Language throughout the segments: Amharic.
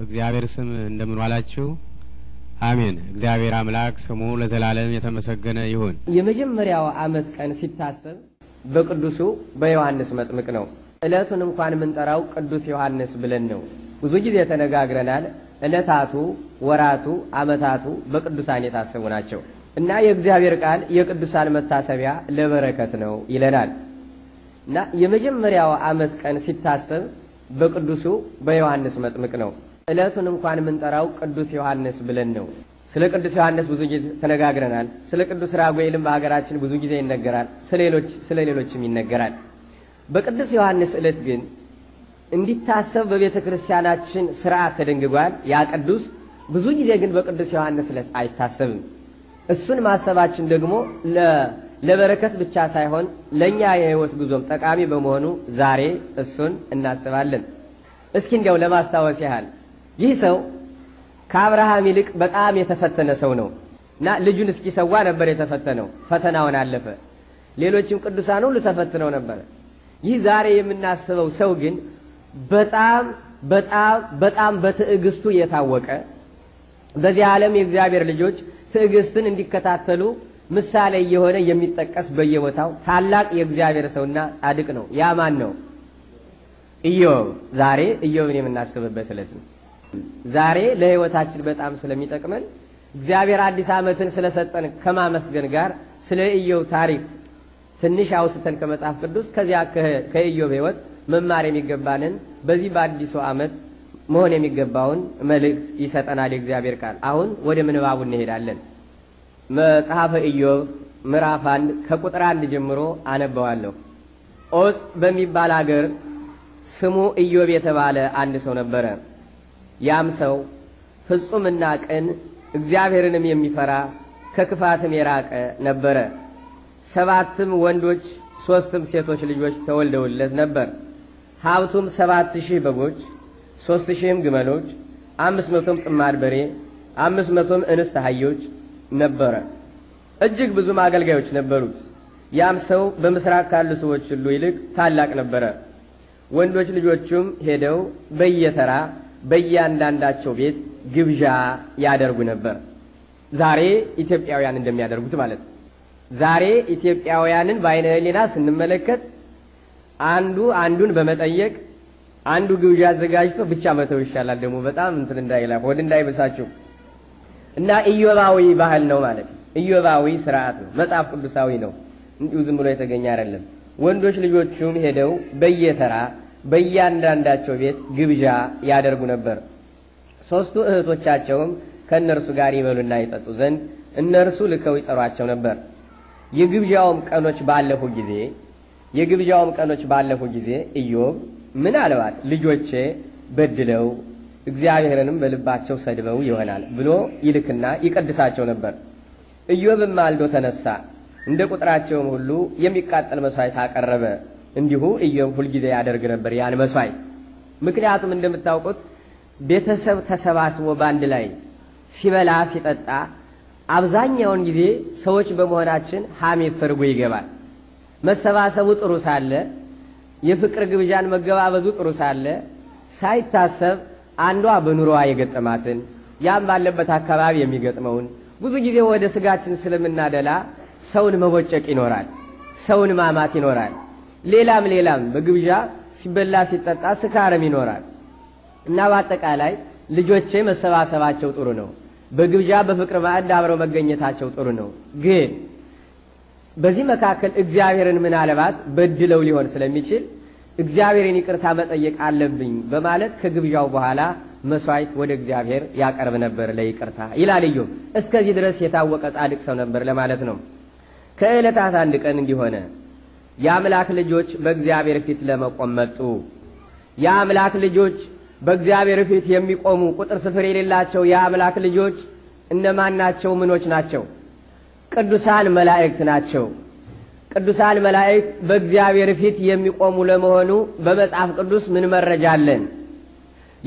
በእግዚአብሔር ስም እንደምን ዋላችሁ? አሜን። እግዚአብሔር አምላክ ስሙ ለዘላለም የተመሰገነ ይሁን። የመጀመሪያው ዓመት ቀን ሲታሰብ በቅዱሱ በዮሐንስ መጥምቅ ነው። ዕለቱን እንኳን የምንጠራው ቅዱስ ዮሐንስ ብለን ነው። ብዙ ጊዜ ተነጋግረናል። ዕለታቱ፣ ወራቱ፣ ዓመታቱ በቅዱሳን የታሰቡ ናቸው እና የእግዚአብሔር ቃል የቅዱሳን መታሰቢያ ለበረከት ነው ይለናል እና የመጀመሪያው ዓመት ቀን ሲታሰብ በቅዱሱ በዮሐንስ መጥምቅ ነው። ዕለቱን እንኳን የምንጠራው ቅዱስ ዮሐንስ ብለን ነው። ስለ ቅዱስ ዮሐንስ ብዙ ጊዜ ተነጋግረናል። ስለ ቅዱስ ራጉኤልም በሀገራችን ብዙ ጊዜ ይነገራል። ስለ ሌሎችም ይነገራል። በቅዱስ ዮሐንስ ዕለት ግን እንዲታሰብ በቤተ ክርስቲያናችን ስርዓት ተደንግጓል። ያ ቅዱስ ብዙ ጊዜ ግን በቅዱስ ዮሐንስ ዕለት አይታሰብም። እሱን ማሰባችን ደግሞ ለበረከት ብቻ ሳይሆን ለእኛ የህይወት ጉዞም ጠቃሚ በመሆኑ ዛሬ እሱን እናስባለን። እስኪ እንዲያው ለማስታወስ ያህል ይህ ሰው ከአብርሃም ይልቅ በጣም የተፈተነ ሰው ነው እና ልጁን እስኪሰዋ ነበር የተፈተነው። ፈተናውን አለፈ። ሌሎችም ቅዱሳን ሁሉ ተፈትነው ነበር። ይህ ዛሬ የምናስበው ሰው ግን በጣም በጣም በጣም በትዕግስቱ የታወቀ በዚህ ዓለም የእግዚአብሔር ልጆች ትዕግስትን እንዲከታተሉ ምሳሌ የሆነ የሚጠቀስ በየቦታው ታላቅ የእግዚአብሔር ሰውና ጻድቅ ነው። ያ ማን ነው? ኢዮብ። ዛሬ ኢዮብን የምናስብበት ዕለት ነው። ዛሬ ለህይወታችን በጣም ስለሚጠቅመን እግዚአብሔር አዲስ ዓመትን ስለሰጠን ከማመስገን ጋር ስለ ኢዮብ ታሪክ ትንሽ አውስተን ከመጽሐፍ ቅዱስ ከዚያ ከኢዮብ ህይወት መማር የሚገባንን በዚህ በአዲሱ ዓመት መሆን የሚገባውን መልእክት ይሰጠናል የእግዚአብሔር ቃል። አሁን ወደ ምንባቡ እንሄዳለን። መጽሐፈ ኢዮብ ምዕራፍ አንድ ከቁጥር አንድ ጀምሮ አነበዋለሁ። ኦጽ በሚባል አገር ስሙ ኢዮብ የተባለ አንድ ሰው ነበረ። ያም ሰው ፍጹምና ቅን እግዚአብሔርንም የሚፈራ ከክፋትም የራቀ ነበረ። ሰባትም ወንዶች ሦስትም ሴቶች ልጆች ተወልደውለት ነበር። ሀብቱም ሰባት ሺህ በጎች፣ ሦስት ሺህም ግመሎች፣ አምስት መቶም ጥማድ በሬ፣ አምስት መቶም እንስት አህዮች ነበረ። እጅግ ብዙም አገልጋዮች ነበሩት። ያም ሰው በምስራቅ ካሉ ሰዎች ሁሉ ይልቅ ታላቅ ነበረ። ወንዶች ልጆቹም ሄደው በየተራ በእያንዳንዳቸው ቤት ግብዣ ያደርጉ ነበር። ዛሬ ኢትዮጵያውያን እንደሚያደርጉት ማለት ነው። ዛሬ ኢትዮጵያውያንን በአይነ ሕሊና ስንመለከት አንዱ አንዱን በመጠየቅ አንዱ ግብዣ አዘጋጅቶ ብቻ መተው ይሻላል። ደግሞ በጣም እንትን እንዳይላ ሆድ እንዳይበሳችሁ እና ኢዮባዊ ባህል ነው ማለት ነው። ኢዮባዊ ስርዓት ነው፣ መጽሐፍ ቅዱሳዊ ነው። እንዲሁ ዝም ብሎ የተገኘ አይደለም። ወንዶች ልጆቹም ሄደው በየተራ በእያንዳንዳቸው ቤት ግብዣ ያደርጉ ነበር። ሦስቱ እህቶቻቸውም ከእነርሱ ጋር ይበሉና ይጠጡ ዘንድ እነርሱ ልከው ይጠሯቸው ነበር። የግብዣውም ቀኖች ባለፉ ጊዜ የግብዣውም ቀኖች ባለፉ ጊዜ ኢዮብ ምናልባት ልጆቼ በድለው እግዚአብሔርንም በልባቸው ሰድበው ይሆናል ብሎ ይልክና ይቀድሳቸው ነበር። ኢዮብም ማልዶ ተነሳ፣ እንደ ቁጥራቸውም ሁሉ የሚቃጠል መሥዋዕት አቀረበ። እንዲሁ እዮብ ሁልጊዜ ያደርግ ነበር ያን መስዋዕት። ምክንያቱም እንደምታውቁት ቤተሰብ ተሰባስቦ በአንድ ላይ ሲበላ ሲጠጣ አብዛኛውን ጊዜ ሰዎች በመሆናችን ሐሜት ሰርጎ ይገባል። መሰባሰቡ ጥሩ ሳለ የፍቅር ግብዣን መገባበዙ ጥሩ ሳለ ሳይታሰብ አንዷ በኑሮዋ የገጠማትን ያም ባለበት አካባቢ የሚገጥመውን ብዙ ጊዜ ወደ ስጋችን ስለምናደላ ሰውን መቦጨቅ ይኖራል፣ ሰውን ማማት ይኖራል። ሌላም ሌላም በግብዣ ሲበላ ሲጠጣ ስካርም ይኖራል እና በአጠቃላይ ልጆቼ መሰባሰባቸው ጥሩ ነው። በግብዣ በፍቅር ማዕድ አብረው መገኘታቸው ጥሩ ነው። ግን በዚህ መካከል እግዚአብሔርን ምናልባት በድለው ሊሆን ስለሚችል እግዚአብሔርን ይቅርታ መጠየቅ አለብኝ በማለት ከግብዣው በኋላ መስዋዕት ወደ እግዚአብሔር ያቀርብ ነበር ለይቅርታ ይላል ኢዮብ። እስከዚህ ድረስ የታወቀ ጻድቅ ሰው ነበር ለማለት ነው። ከዕለታት አንድ ቀን እንዲሆነ የአምላክ ልጆች በእግዚአብሔር ፊት ለመቆም መጡ። የአምላክ ልጆች በእግዚአብሔር ፊት የሚቆሙ ቁጥር ስፍር የሌላቸው የአምላክ ልጆች እነማን ናቸው? ምኖች ናቸው? ቅዱሳን መላእክት ናቸው። ቅዱሳን መላእክት በእግዚአብሔር ፊት የሚቆሙ ለመሆኑ በመጽሐፍ ቅዱስ ምን መረጃ አለን?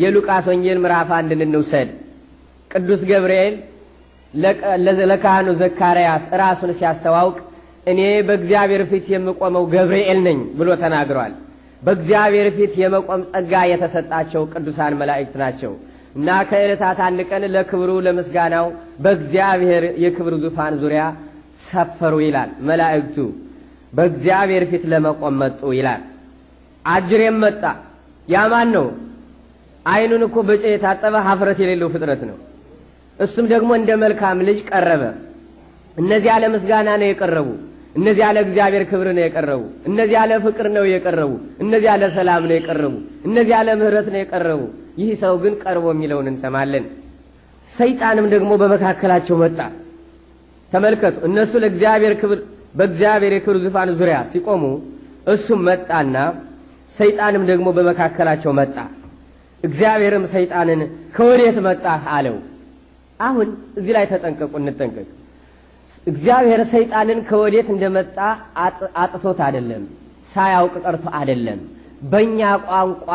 የሉቃስ ወንጌል ምዕራፍ አንድን እንውሰድ። ቅዱስ ገብርኤል ለካህኑ ዘካርያስ ራሱን ሲያስተዋውቅ እኔ በእግዚአብሔር ፊት የምቆመው ገብርኤል ነኝ ብሎ ተናግሯል። በእግዚአብሔር ፊት የመቆም ጸጋ የተሰጣቸው ቅዱሳን መላእክት ናቸው እና ከዕለታት አንድ ቀን ለክብሩ ለምስጋናው በእግዚአብሔር የክብር ዙፋን ዙሪያ ሰፈሩ ይላል። መላእክቱ በእግዚአብሔር ፊት ለመቆም መጡ ይላል። አጅሬም መጣ። ያ ማን ነው? አይኑን እኮ በጨ የታጠበ ሀፍረት የሌለው ፍጥረት ነው። እሱም ደግሞ እንደ መልካም ልጅ ቀረበ። እነዚያ ለምስጋና ነው የቀረቡ። እነዚያ ለእግዚአብሔር ክብር ነው የቀረቡ። እነዚያ ለፍቅር ነው የቀረቡ። እነዚያ ለሰላም ነው የቀረቡ። እነዚያ ለምህረት ነው የቀረቡ። ይህ ሰው ግን ቀርቦ የሚለውን እንሰማለን። ሰይጣንም ደግሞ በመካከላቸው መጣ። ተመልከቱ፣ እነሱ ለእግዚአብሔር ክብር በእግዚአብሔር የክብር ዙፋን ዙሪያ ሲቆሙ እሱም መጣና ሰይጣንም ደግሞ በመካከላቸው መጣ። እግዚአብሔርም ሰይጣንን ከወዴት መጣህ አለው። አሁን እዚህ ላይ ተጠንቀቁ፣ እንጠንቀቅ። እግዚአብሔር ሰይጣንን ከወዴት እንደመጣ አጥቶት አይደለም፣ ሳያውቅ ቀርቶ አይደለም። በእኛ ቋንቋ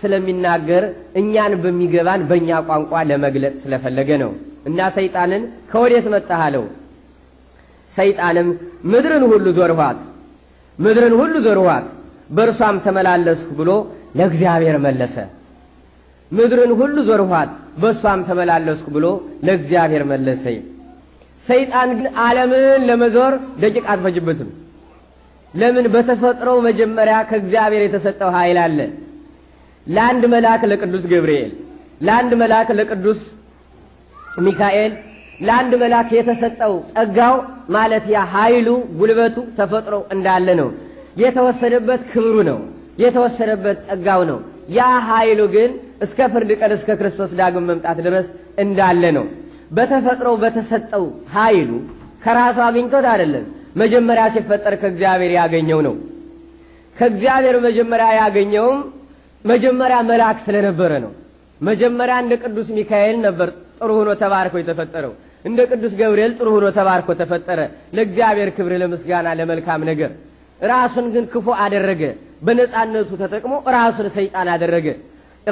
ስለሚናገር እኛን በሚገባን በእኛ ቋንቋ ለመግለጽ ስለፈለገ ነው። እና ሰይጣንን ከወዴት መጣህ አለው። ሰይጣንም ምድርን ሁሉ ዞርኋት፣ ምድርን ሁሉ ዞርኋት፣ በእርሷም ተመላለስሁ ብሎ ለእግዚአብሔር መለሰ። ምድርን ሁሉ ዞርኋት፣ በእሷም ተመላለስኩ ብሎ ለእግዚአብሔር መለሰ። ሰይጣን ግን ዓለምን ለመዞር ደቂቃ አትፈጅበትም። ለምን? በተፈጥሮ መጀመሪያ ከእግዚአብሔር የተሰጠው ኃይል አለ። ለአንድ መልአክ ለቅዱስ ገብርኤል፣ ለአንድ መልአክ ለቅዱስ ሚካኤል፣ ለአንድ መልአክ የተሰጠው ጸጋው ማለት ያ ኃይሉ ጉልበቱ ተፈጥሮ እንዳለ ነው። የተወሰደበት ክብሩ ነው። የተወሰደበት ጸጋው ነው። ያ ኃይሉ ግን እስከ ፍርድ ቀን እስከ ክርስቶስ ዳግም መምጣት ድረስ እንዳለ ነው። በተፈጥሮ በተሰጠው ኃይሉ ከራሱ አግኝቶት አይደለም። መጀመሪያ ሲፈጠር ከእግዚአብሔር ያገኘው ነው። ከእግዚአብሔር መጀመሪያ ያገኘውም መጀመሪያ መልአክ ስለነበረ ነው። መጀመሪያ እንደ ቅዱስ ሚካኤል ነበር ጥሩ ሆኖ ተባርኮ የተፈጠረው። እንደ ቅዱስ ገብርኤል ጥሩ ሆኖ ተባርኮ ተፈጠረ። ለእግዚአብሔር ክብር፣ ለምስጋና፣ ለመልካም ነገር። ራሱን ግን ክፉ አደረገ። በነፃነቱ ተጠቅሞ ራሱን ሰይጣን አደረገ።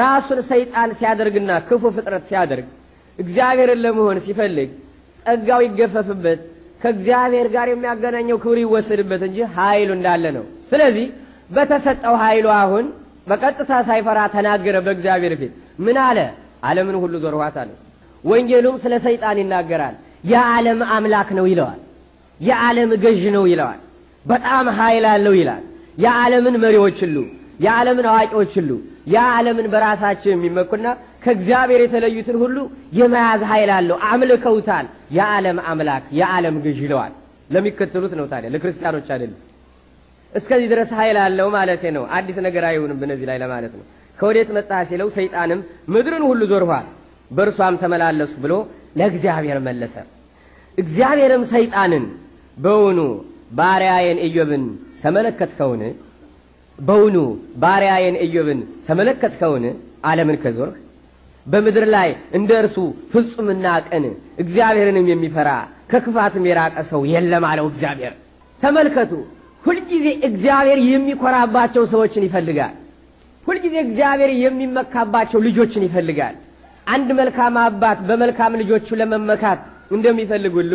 ራሱን ሰይጣን ሲያደርግና ክፉ ፍጥረት ሲያደርግ እግዚአብሔርን ለመሆን ሲፈልግ ጸጋው ይገፈፍበት፣ ከእግዚአብሔር ጋር የሚያገናኘው ክብር ይወሰድበት እንጂ ኃይሉ እንዳለ ነው። ስለዚህ በተሰጠው ኃይሉ አሁን በቀጥታ ሳይፈራ ተናገረ። በእግዚአብሔር ፊት ምን አለ? ዓለምን ሁሉ ዞርኋት አለ። ወንጌሉም ስለ ሰይጣን ይናገራል። የዓለም አምላክ ነው ይለዋል። የዓለም ገዥ ነው ይለዋል። በጣም ኃይል አለው ይላል። የዓለምን መሪዎች ሁሉ፣ የዓለምን አዋቂዎች ሁሉ፣ የዓለምን በራሳቸው የሚመኩና ከእግዚአብሔር የተለዩትን ሁሉ የመያዝ ኃይል አለው። አምልከውታል። የዓለም አምላክ የዓለም ገዥ ይለዋል። ለሚከተሉት ነው ታዲያ፣ ለክርስቲያኖች አይደለም። እስከዚህ ድረስ ኃይል አለው ማለት ነው። አዲስ ነገር አይሆንም በነዚህ ላይ ለማለት ነው። ከወዴት መጣህ ሲለው ሰይጣንም ምድርን ሁሉ ዞርኋል፣ በእርሷም ተመላለሱ ብሎ ለእግዚአብሔር መለሰ። እግዚአብሔርም ሰይጣንን በውኑ ባሪያዬን ኢዮብን ተመለከትከውን? በውኑ ባሪያዬን ኢዮብን ተመለከትከውን? ዓለምን ከዞርህ በምድር ላይ እንደ እርሱ ፍጹምና ቅን እግዚአብሔርንም የሚፈራ ከክፋትም የራቀ ሰው የለም አለው እግዚአብሔር። ተመልከቱ፣ ሁልጊዜ እግዚአብሔር የሚኮራባቸው ሰዎችን ይፈልጋል። ሁልጊዜ እግዚአብሔር የሚመካባቸው ልጆችን ይፈልጋል። አንድ መልካም አባት በመልካም ልጆቹ ለመመካት እንደሚፈልግ ሁሉ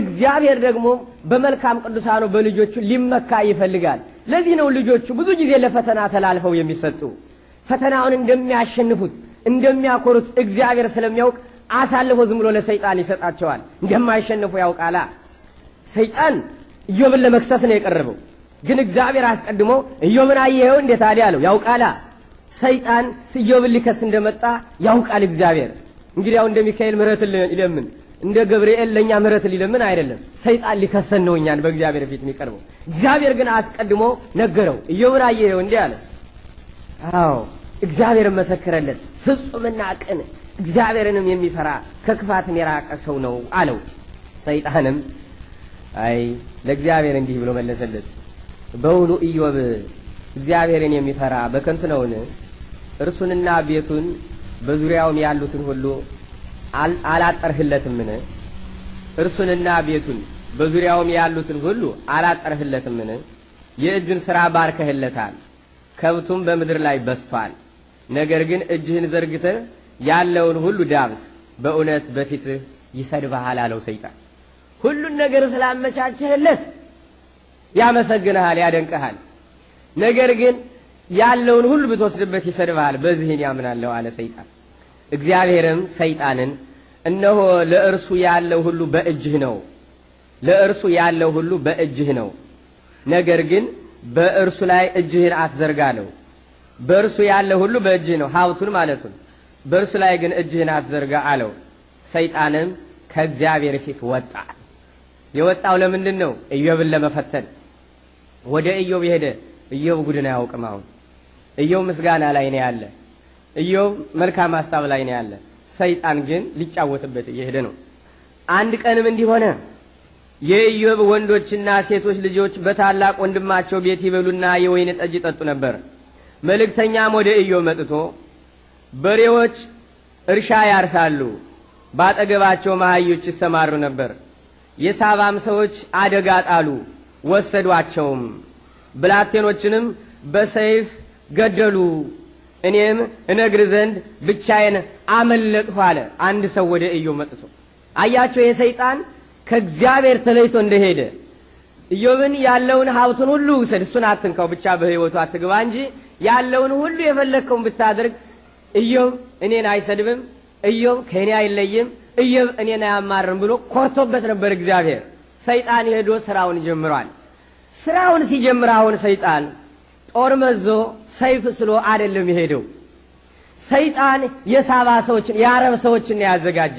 እግዚአብሔር ደግሞ በመልካም ቅዱሳኑ በልጆቹ ሊመካ ይፈልጋል። ለዚህ ነው ልጆቹ ብዙ ጊዜ ለፈተና ተላልፈው የሚሰጡ ፈተናውን እንደሚያሸንፉት እንደሚያኮሩት እግዚአብሔር ስለሚያውቅ አሳልፎ ዝም ብሎ ለሰይጣን ይሰጣቸዋል። እንደማይሸነፉ ያውቃላ። ሰይጣን እዮብን ለመክሰስ ነው የቀረበው። ግን እግዚአብሔር አስቀድሞ እዮብን አየኸው እንዴት ታዲያ አለው። ያውቃላ። ሰይጣን ኢዮብን ሊከስ እንደመጣ ያውቃል እግዚአብሔር። እንግዲህ ያው እንደ ሚካኤል ምሕረት ይለምን እንደ ገብርኤል ለእኛ ምሕረት ሊለምን አይደለም። ሰይጣን ሊከሰን ነው እኛን በእግዚአብሔር ፊት የሚቀርበው። እግዚአብሔር ግን አስቀድሞ ነገረው። እዮብን አየኸው እንዴ አለ። አዎ እግዚአብሔር መሰከረለት። ፍጹምና ቅን እግዚአብሔርንም የሚፈራ ከክፋትም የራቀ ሰው ነው አለው። ሰይጣንም አይ ለእግዚአብሔር እንዲህ ብሎ መለሰለት፣ በውኑ ኢዮብ እግዚአብሔርን የሚፈራ በከንቱ ነውን? እርሱንና ቤቱን በዙሪያውም ያሉትን ሁሉ አላጠርህለትምን? እርሱንና ቤቱን በዙሪያውም ያሉትን ሁሉ አላጠርህለትምን? የእጁን ሥራ ባርከህለታል፣ ከብቱም በምድር ላይ በስቷል። ነገር ግን እጅህን ዘርግተ ያለውን ሁሉ ዳብስ፣ በእውነት በፊትህ ይሰድብሃል አለው ሰይጣን። ሁሉን ነገር ስላመቻችህለት ያመሰግንሃል፣ ያደንቅሃል። ነገር ግን ያለውን ሁሉ ብትወስድበት ይሰድብሃል። በዚህን ያምናለሁ አለ ሰይጣን። እግዚአብሔርም ሰይጣንን እነሆ ለእርሱ ያለው ሁሉ በእጅህ ነው፣ ለእርሱ ያለው ሁሉ በእጅህ ነው። ነገር ግን በእርሱ ላይ እጅህን አትዘርጋለው። በእርሱ ያለ ሁሉ በእጅህ ነው፣ ሀብቱን ማለት ነው። በእርሱ ላይ ግን እጅህን አትዘርጋ አለው። ሰይጣንም ከእግዚአብሔር ፊት ወጣ። የወጣው ለምንድን ነው? ኢዮብን ለመፈተን ወደ ኢዮብ ሄደ። ኢዮብ ጉድን አያውቅም። አሁን ኢዮብ ምስጋና ላይ ነው ያለ፣ ኢዮብ መልካም ሀሳብ ላይ ነው ያለ። ሰይጣን ግን ሊጫወትበት እየሄደ ነው። አንድ ቀንም እንዲህ ሆነ። የኢዮብ ወንዶችና ሴቶች ልጆች በታላቅ ወንድማቸው ቤት ይበሉና የወይን ጠጅ ይጠጡ ነበር። መልእክተኛም ወደ ኢዮብ መጥቶ በሬዎች እርሻ ያርሳሉ፣ ባጠገባቸው መሃዮች ይሰማሩ ነበር። የሳባም ሰዎች አደጋ ጣሉ፣ ወሰዷቸውም። ብላቴኖችንም በሰይፍ ገደሉ። እኔም እነግር ዘንድ ብቻዬን አመለጥሁ አለ። አንድ ሰው ወደ እዮ መጥቶ አያቸው። የሰይጣን ከእግዚአብሔር ተለይቶ እንደሄደ ኢዮብን ያለውን ሀብቱን ሁሉ ውሰድ፣ እሱን አትንካው፣ ብቻ በሕይወቱ አትግባ እንጂ ያለውን ሁሉ የፈለግከውን ብታደርግ እዮብ እኔን አይሰድብም፣ እዮብ ከእኔ አይለይም፣ እዮብ እኔን አያማርም ብሎ ኮርቶበት ነበር እግዚአብሔር። ሰይጣን ሄዶ ስራውን ጀምሯል። ስራውን ሲጀምር አሁን ሰይጣን ጦር መዞ ሰይፍ ስሎ አይደለም የሄደው። ሰይጣን የሳባ ሰዎችን የአረብ ሰዎችን ያዘጋጀ።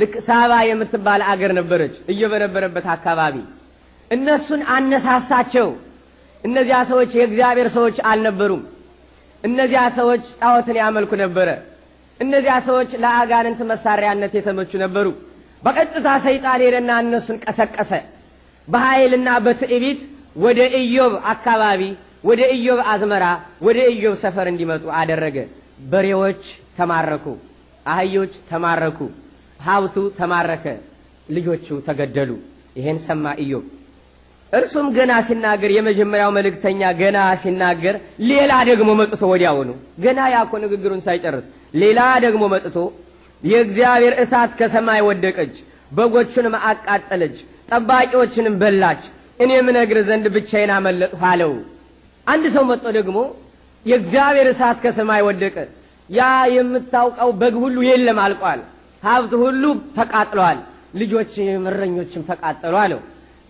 ልክ ሳባ የምትባል አገር ነበረች እየበነበረበት አካባቢ እነሱን አነሳሳቸው። እነዚያ ሰዎች የእግዚአብሔር ሰዎች አልነበሩም። እነዚያ ሰዎች ጣዖትን ያመልኩ ነበረ። እነዚያ ሰዎች ለአጋንንት መሳሪያነት የተመቹ ነበሩ። በቀጥታ ሰይጣን ሄደና እነሱን ቀሰቀሰ። በኃይልና በትዕቢት ወደ ኢዮብ አካባቢ፣ ወደ ኢዮብ አዝመራ፣ ወደ ኢዮብ ሰፈር እንዲመጡ አደረገ። በሬዎች ተማረኩ፣ አህዮች ተማረኩ፣ ሀብቱ ተማረከ፣ ልጆቹ ተገደሉ። ይሄን ሰማ ኢዮብ። እርሱም ገና ሲናገር የመጀመሪያው መልእክተኛ ገና ሲናገር ሌላ ደግሞ መጥቶ ወዲያውኑ ገና ያኮ ንግግሩን ሳይጨርስ ሌላ ደግሞ መጥቶ የእግዚአብሔር እሳት ከሰማይ ወደቀች፣ በጎቹንም አቃጠለች፣ ጠባቂዎችንም በላች፣ እኔም እነግር ዘንድ ብቻዬን አመለጥሁ አለው። አንድ ሰው መጥቶ ደግሞ የእግዚአብሔር እሳት ከሰማይ ወደቀ፣ ያ የምታውቀው በግ ሁሉ የለም አልቋል፣ ሀብት ሁሉ ተቃጥሏል፣ ልጆች እረኞችም ተቃጠሉ አለው።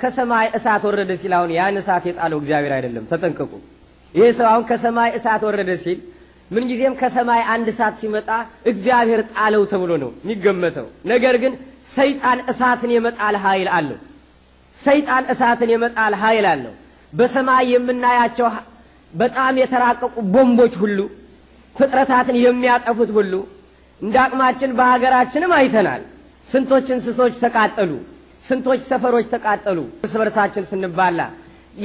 ከሰማይ እሳት ወረደ ሲል አሁን ያን እሳት የጣለው እግዚአብሔር አይደለም። ተጠንቀቁ። ይህ ሰው አሁን ከሰማይ እሳት ወረደ ሲል ምንጊዜም ከሰማይ አንድ እሳት ሲመጣ እግዚአብሔር ጣለው ተብሎ ነው የሚገመተው። ነገር ግን ሰይጣን እሳትን የመጣል ኃይል አለው። ሰይጣን እሳትን የመጣል ኃይል አለው። በሰማይ የምናያቸው በጣም የተራቀቁ ቦምቦች ሁሉ ፍጥረታትን የሚያጠፉት ሁሉ እንደ አቅማችን በሀገራችንም አይተናል። ስንቶች እንስሶች ተቃጠሉ። ስንቶች ሰፈሮች ተቃጠሉ እርስ በርሳችን ስንባላ።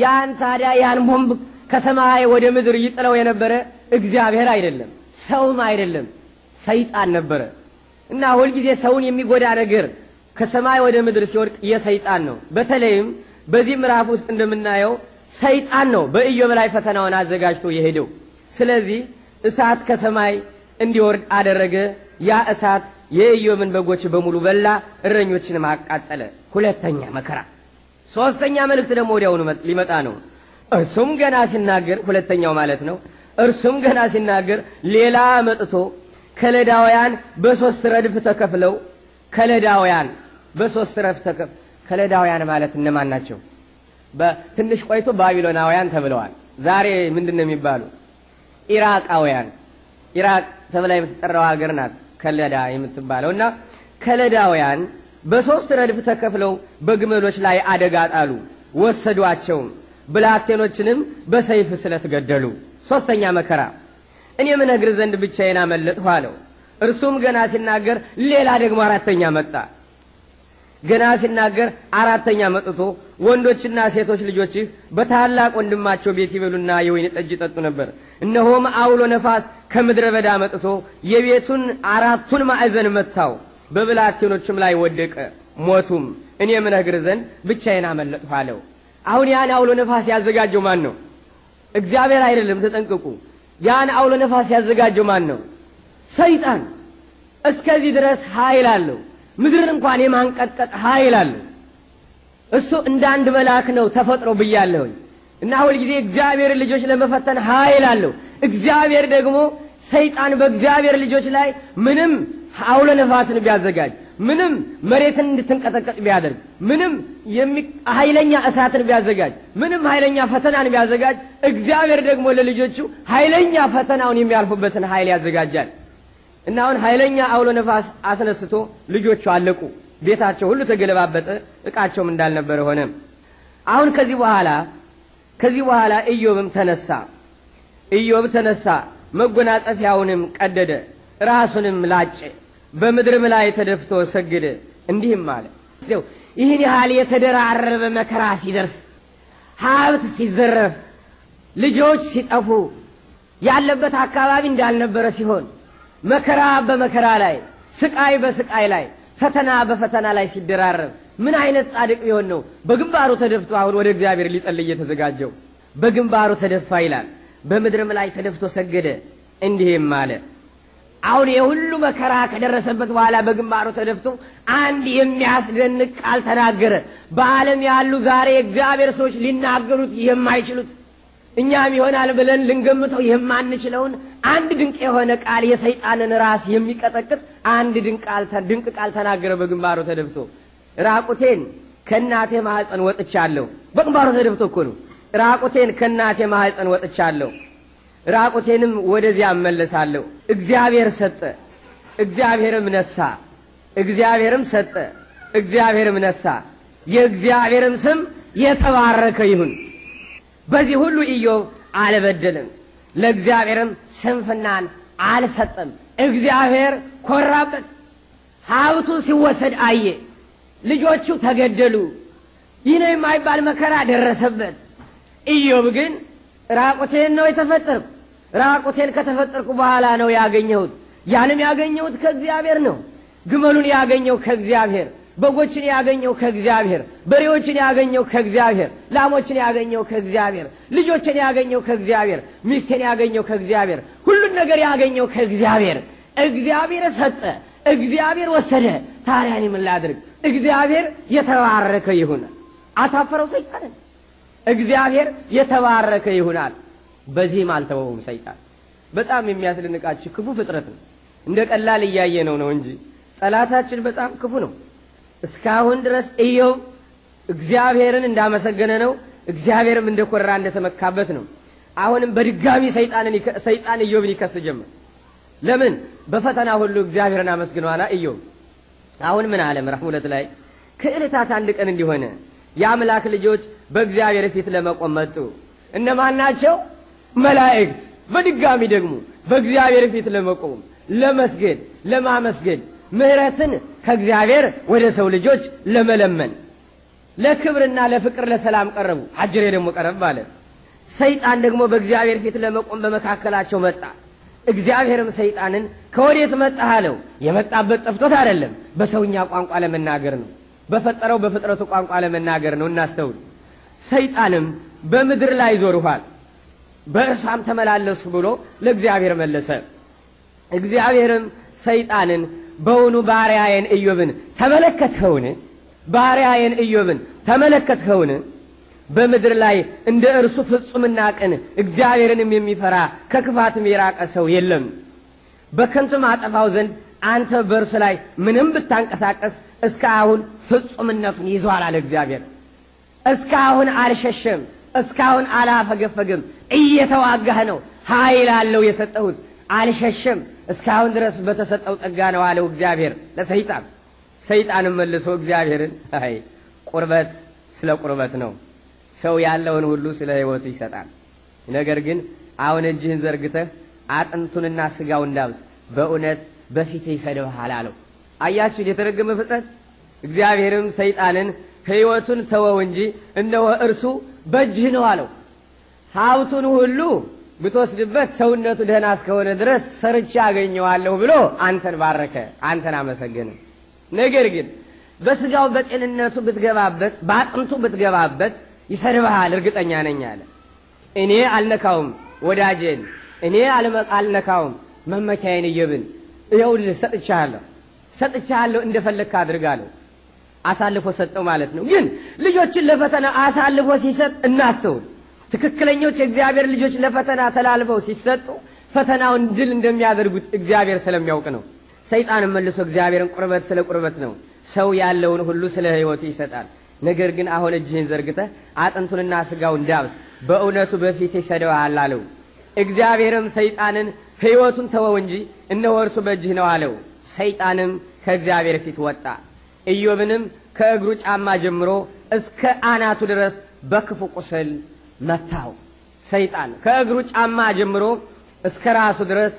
ያን ታዲያ ያን ቦምብ ከሰማይ ወደ ምድር ይጥለው የነበረ እግዚአብሔር አይደለም፣ ሰውም አይደለም፣ ሰይጣን ነበረ። እና ሁልጊዜ ሰውን የሚጎዳ ነገር ከሰማይ ወደ ምድር ሲወድቅ የሰይጣን ነው። በተለይም በዚህ ምዕራፍ ውስጥ እንደምናየው ሰይጣን ነው በኢዮብ ላይ ፈተናውን አዘጋጅቶ የሄደው። ስለዚህ እሳት ከሰማይ እንዲወርድ አደረገ። ያ እሳት የኢዮብን በጎች በሙሉ በላ፣ እረኞችንም አቃጠለ። ሁለተኛ መከራ። ሶስተኛ መልእክት ደግሞ ወዲያውኑ ሊመጣ ነው። እርሱም ገና ሲናገር ሁለተኛው ማለት ነው። እርሱም ገና ሲናገር ሌላ መጥቶ ከለዳውያን በሶስት ረድፍ ተከፍለው ከለዳውያን በሶስት ረድፍ ተከፍ ከለዳውያን ማለት እነማን ናቸው? በትንሽ ቆይቶ ባቢሎናውያን ተብለዋል። ዛሬ ምንድን ነው የሚባሉ ኢራቃውያን። ኢራቅ ተብላ የምትጠራው ሀገር ናት። ከለዳ የምትባለው እና ከለዳውያን በሶስት ረድፍ ተከፍለው በግመሎች ላይ አደጋ ጣሉ፣ ወሰዷቸውም። ብላቴኖችንም በሰይፍ ስለት ገደሉ። ሶስተኛ መከራ እኔ ምነግር ዘንድ ብቻዬን አመለጥሁ አለው። እርሱም ገና ሲናገር ሌላ ደግሞ አራተኛ መጣ። ገና ሲናገር አራተኛ መጥቶ ወንዶችና ሴቶች ልጆችህ በታላቅ ወንድማቸው ቤት ይበሉና የወይን ጠጅ ይጠጡ ነበር። እነሆም አውሎ ነፋስ ከምድረ በዳ መጥቶ የቤቱን አራቱን ማዕዘን መታው፣ በብላቴኖችም ላይ ወደቀ፣ ሞቱም። እኔ ምነግር ዘንድ ብቻዬን አመለጥሁ አለው። አሁን ያን አውሎ ነፋስ ያዘጋጀው ማን ነው? እግዚአብሔር አይደለም። ተጠንቅቁ። ያን አውሎ ነፋስ ያዘጋጀው ማን ነው? ሰይጣን። እስከዚህ ድረስ ኃይል አለው። ምድር እንኳን የማንቀጥቀጥ ኃይል አለው። እሱ እንደ አንድ መልአክ ነው ተፈጥሮ ብያለሁኝ እና ሁልጊዜ እግዚአብሔር ልጆች ለመፈተን ኃይል አለው። እግዚአብሔር ደግሞ ሰይጣን በእግዚአብሔር ልጆች ላይ ምንም አውሎ ነፋስን ቢያዘጋጅ ምንም መሬትን እንድትንቀጠቀጥ ቢያደርግ ምንም ኃይለኛ እሳትን ቢያዘጋጅ ምንም ኃይለኛ ፈተናን ቢያዘጋጅ እግዚአብሔር ደግሞ ለልጆቹ ኃይለኛ ፈተናውን የሚያልፉበትን ኃይል ያዘጋጃል። እና አሁን ኃይለኛ አውሎ ነፋስ አስነስቶ ልጆቹ አለቁ። ቤታቸው ሁሉ ተገለባበጠ፣ እቃቸውም እንዳልነበረ ሆነ። አሁን ከዚህ በኋላ ከዚህ በኋላ ኢዮብም ተነሳ። ኢዮብ ተነሳ፣ መጎናጸፊያውንም ቀደደ፣ ራሱንም ላጨ፣ በምድርም ላይ ተደፍቶ ሰግደ፣ እንዲህም አለ። ይህን ያህል የተደራረበ መከራ ሲደርስ፣ ሀብት ሲዘረፍ፣ ልጆች ሲጠፉ፣ ያለበት አካባቢ እንዳልነበረ ሲሆን መከራ በመከራ ላይ ስቃይ በስቃይ ላይ ፈተና በፈተና ላይ ሲደራረብ ምን አይነት ጻድቅ ቢሆን ነው በግንባሩ ተደፍቶ አሁን ወደ እግዚአብሔር ሊጸልይ የተዘጋጀው? በግንባሩ ተደፋ ይላል። በምድርም ላይ ተደፍቶ ሰገደ እንዲህም አለ። አሁን የሁሉ መከራ ከደረሰበት በኋላ በግንባሩ ተደፍቶ አንድ የሚያስደንቅ ቃል ተናገረ። በዓለም ያሉ ዛሬ እግዚአብሔር ሰዎች ሊናገሩት የማይችሉት እኛም ይሆናል ብለን ልንገምተው የማንችለውን አንድ ድንቅ የሆነ ቃል የሰይጣንን ራስ የሚቀጠቅጥ አንድ ድንቅ ቃል ተናገረ። በግንባሩ ተደብቶ ራቁቴን ከእናቴ ማህፀን ወጥቻለሁ። በግንባሩ ተደብቶ እኮ ነው። ራቁቴን ከእናቴ ማህፀን ወጥቻለሁ፣ ራቁቴንም ወደዚያ እመለሳለሁ። እግዚአብሔር ሰጠ፣ እግዚአብሔርም ነሳ፣ እግዚአብሔርም ሰጠ፣ እግዚአብሔርም ነሳ። የእግዚአብሔርም ስም የተባረከ ይሁን። በዚህ ሁሉ ኢዮብ አልበደልም፣ ለእግዚአብሔርም ስንፍናን አልሰጠም። እግዚአብሔር ኮራበት። ሀብቱ ሲወሰድ አየ። ልጆቹ ተገደሉ። ይህ ነው የማይባል መከራ ደረሰበት። ኢዮብ ግን ራቁቴን ነው የተፈጠርኩ፣ ራቁቴን ከተፈጠርኩ በኋላ ነው ያገኘሁት፣ ያንም ያገኘሁት ከእግዚአብሔር ነው። ግመሉን ያገኘው ከእግዚአብሔር በጎችን ያገኘው ከእግዚአብሔር፣ በሬዎችን ያገኘው ከእግዚአብሔር፣ ላሞችን ያገኘው ከእግዚአብሔር፣ ልጆችን ያገኘው ከእግዚአብሔር፣ ሚስቴን ያገኘው ከእግዚአብሔር፣ ሁሉን ነገር ያገኘው ከእግዚአብሔር። እግዚአብሔር ሰጠ፣ እግዚአብሔር ወሰደ። ታዲያ እኔ ምን ላድርግ? እግዚአብሔር የተባረከ ይሁን። አሳፈረው ሰይጣን። እግዚአብሔር የተባረከ ይሁናል። በዚህም አልተወውም ሰይጣን። በጣም የሚያስደንቃችሁ ክፉ ፍጥረት ነው። እንደ ቀላል እያየ ነው ነው እንጂ ጠላታችን በጣም ክፉ ነው። እስካሁን ድረስ ኢዮብ እግዚአብሔርን እንዳመሰገነ ነው። እግዚአብሔርም እንደኮራ እንደተመካበት ነው። አሁንም በድጋሚ ሰይጣን እዮብን ይከስ ጀመር። ለምን? በፈተና ሁሉ እግዚአብሔርን አመስግኗላ ኢዮብ። አሁን ምን አለ? ምዕራፍ ሁለት ላይ ከዕለታት አንድ ቀን እንዲሆነ የአምላክ ልጆች በእግዚአብሔር ፊት ለመቆም መጡ። እነማን ናቸው? መላእክት። በድጋሚ ደግሞ በእግዚአብሔር ፊት ለመቆም ለመስገድ፣ ለማመስገድ ምሕረትን ከእግዚአብሔር ወደ ሰው ልጆች ለመለመን ለክብርና ለፍቅር ለሰላም ቀረቡ። አጅሬ ደግሞ ቀረብ ማለት ሰይጣን ደግሞ በእግዚአብሔር ፊት ለመቆም በመካከላቸው መጣ። እግዚአብሔርም ሰይጣንን ከወዴት መጣህ አለው። የመጣበት ጠፍቶት አይደለም፣ በሰውኛ ቋንቋ ለመናገር ነው። በፈጠረው በፍጥረቱ ቋንቋ ለመናገር ነው። እናስተውል። ሰይጣንም በምድር ላይ ዞርኋል፣ በእርሷም ተመላለሱ ብሎ ለእግዚአብሔር መለሰ። እግዚአብሔርም ሰይጣንን በውኑ ባሪያዬን እዮብን ተመለከትኸውን? ባሪያዬን እዮብን ተመለከትኸውን? በምድር ላይ እንደ እርሱ ፍጹምና ቅን እግዚአብሔርንም የሚፈራ ከክፋትም የራቀ ሰው የለም። በከንቱ ማጠፋው ዘንድ አንተ በእርሱ ላይ ምንም ብታንቀሳቀስ እስከ አሁን ፍጹምነቱን ይዟል አለ እግዚአብሔር። እስካሁን አልሸሸም፣ እስካሁን አላፈገፈግም። እየተዋጋህ ነው። ኃይል አለው የሰጠሁት አልሸሸም እስካሁን ድረስ በተሰጠው ጸጋ ነው አለው እግዚአብሔር ለሰይጣን። ሰይጣንም መልሶ እግዚአብሔርን አይ ቁርበት ስለ ቁርበት ነው፣ ሰው ያለውን ሁሉ ስለ ሕይወቱ ይሰጣል። ነገር ግን አሁን እጅህን ዘርግተህ አጥንቱንና ስጋው ላብስ፣ በእውነት በፊትህ ይሰድብሃል አለው። አያችሁን የተረገመ ፍጥረት። እግዚአብሔርም ሰይጣንን ሕይወቱን ተወው እንጂ እነሆ እርሱ በእጅህ ነው አለው ሀብቱን ሁሉ ብትወስድበት ሰውነቱ ደህና እስከሆነ ድረስ ሰርቼ አገኘዋለሁ ብሎ አንተን ባረከ፣ አንተን አመሰገነ። ነገር ግን በስጋው በጤንነቱ ብትገባበት፣ በአጥንቱ ብትገባበት ይሰድብሃል፣ እርግጠኛ ነኝ አለ። እኔ አልነካውም ወዳጄን፣ እኔ አልነካውም መመኪያዬን እየብን ይኸውልህ፣ ሰጥቻለሁ፣ ሰጥቻለሁ እንደፈለግህ አድርጋለሁ። አሳልፎ ሰጠው ማለት ነው። ግን ልጆችን ለፈተና አሳልፎ ሲሰጥ እናስተውል። ትክክለኞች የእግዚአብሔር ልጆች ለፈተና ተላልፈው ሲሰጡ ፈተናውን ድል እንደሚያደርጉት እግዚአብሔር ስለሚያውቅ ነው። ሰይጣንም መልሶ እግዚአብሔርን ቁርበት ስለ ቁርበት ነው። ሰው ያለውን ሁሉ ስለ ሕይወቱ ይሰጣል። ነገር ግን አሁን እጅህን ዘርግተህ አጥንቱንና ስጋውን ዳብስ፣ በእውነቱ በፊት ይሰደዋል አለው። እግዚአብሔርም ሰይጣንን ሕይወቱን ተወው እንጂ እነሆ እርሱ በእጅህ ነው አለው። ሰይጣንም ከእግዚአብሔር ፊት ወጣ። ኢዮብንም ከእግሩ ጫማ ጀምሮ እስከ አናቱ ድረስ በክፉ ቁስል መታው። ሰይጣን ከእግሩ ጫማ ጀምሮ እስከ ራሱ ድረስ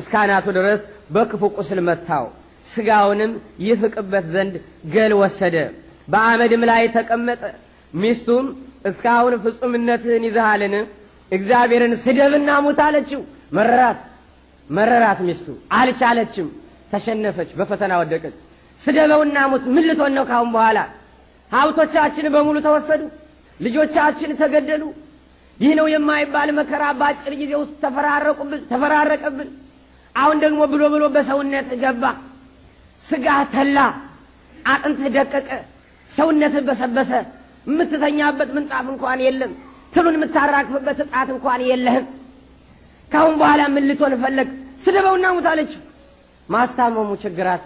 እስከ አናቱ ድረስ በክፉ ቁስል መታው። ስጋውንም ይፍቅበት ዘንድ ገል ወሰደ። በአመድም ላይ ተቀመጠ። ሚስቱም እስካሁን ፍጹምነትህን ይዘሃልን? እግዚአብሔርን ስደብና ሙት አለችው። መረራት መረራት። ሚስቱ አልቻለችም፣ ተሸነፈች፣ በፈተና ወደቀች። ስደበውና ሙት፣ ምን ልትሆን ነው? ካሁን በኋላ ሀብቶቻችን በሙሉ ተወሰዱ፣ ልጆቻችን ተገደሉ፣ ይህ ነው የማይባል መከራ በአጭር ጊዜ ውስጥ ተፈራረቁብን ተፈራረቀብን። አሁን ደግሞ ብሎ ብሎ በሰውነት ገባ። ስጋ ተላ፣ አጥንት ደቀቀ፣ ሰውነት በሰበሰ። የምትተኛበት ምንጣፍ እንኳን የለም። ትሉን የምታራክፍበት እጣት እንኳን የለህም። ካሁን በኋላ ምን ልትሆን ፈለግ? ስደበውና ሙታለች ማስታመሙ ችግራታ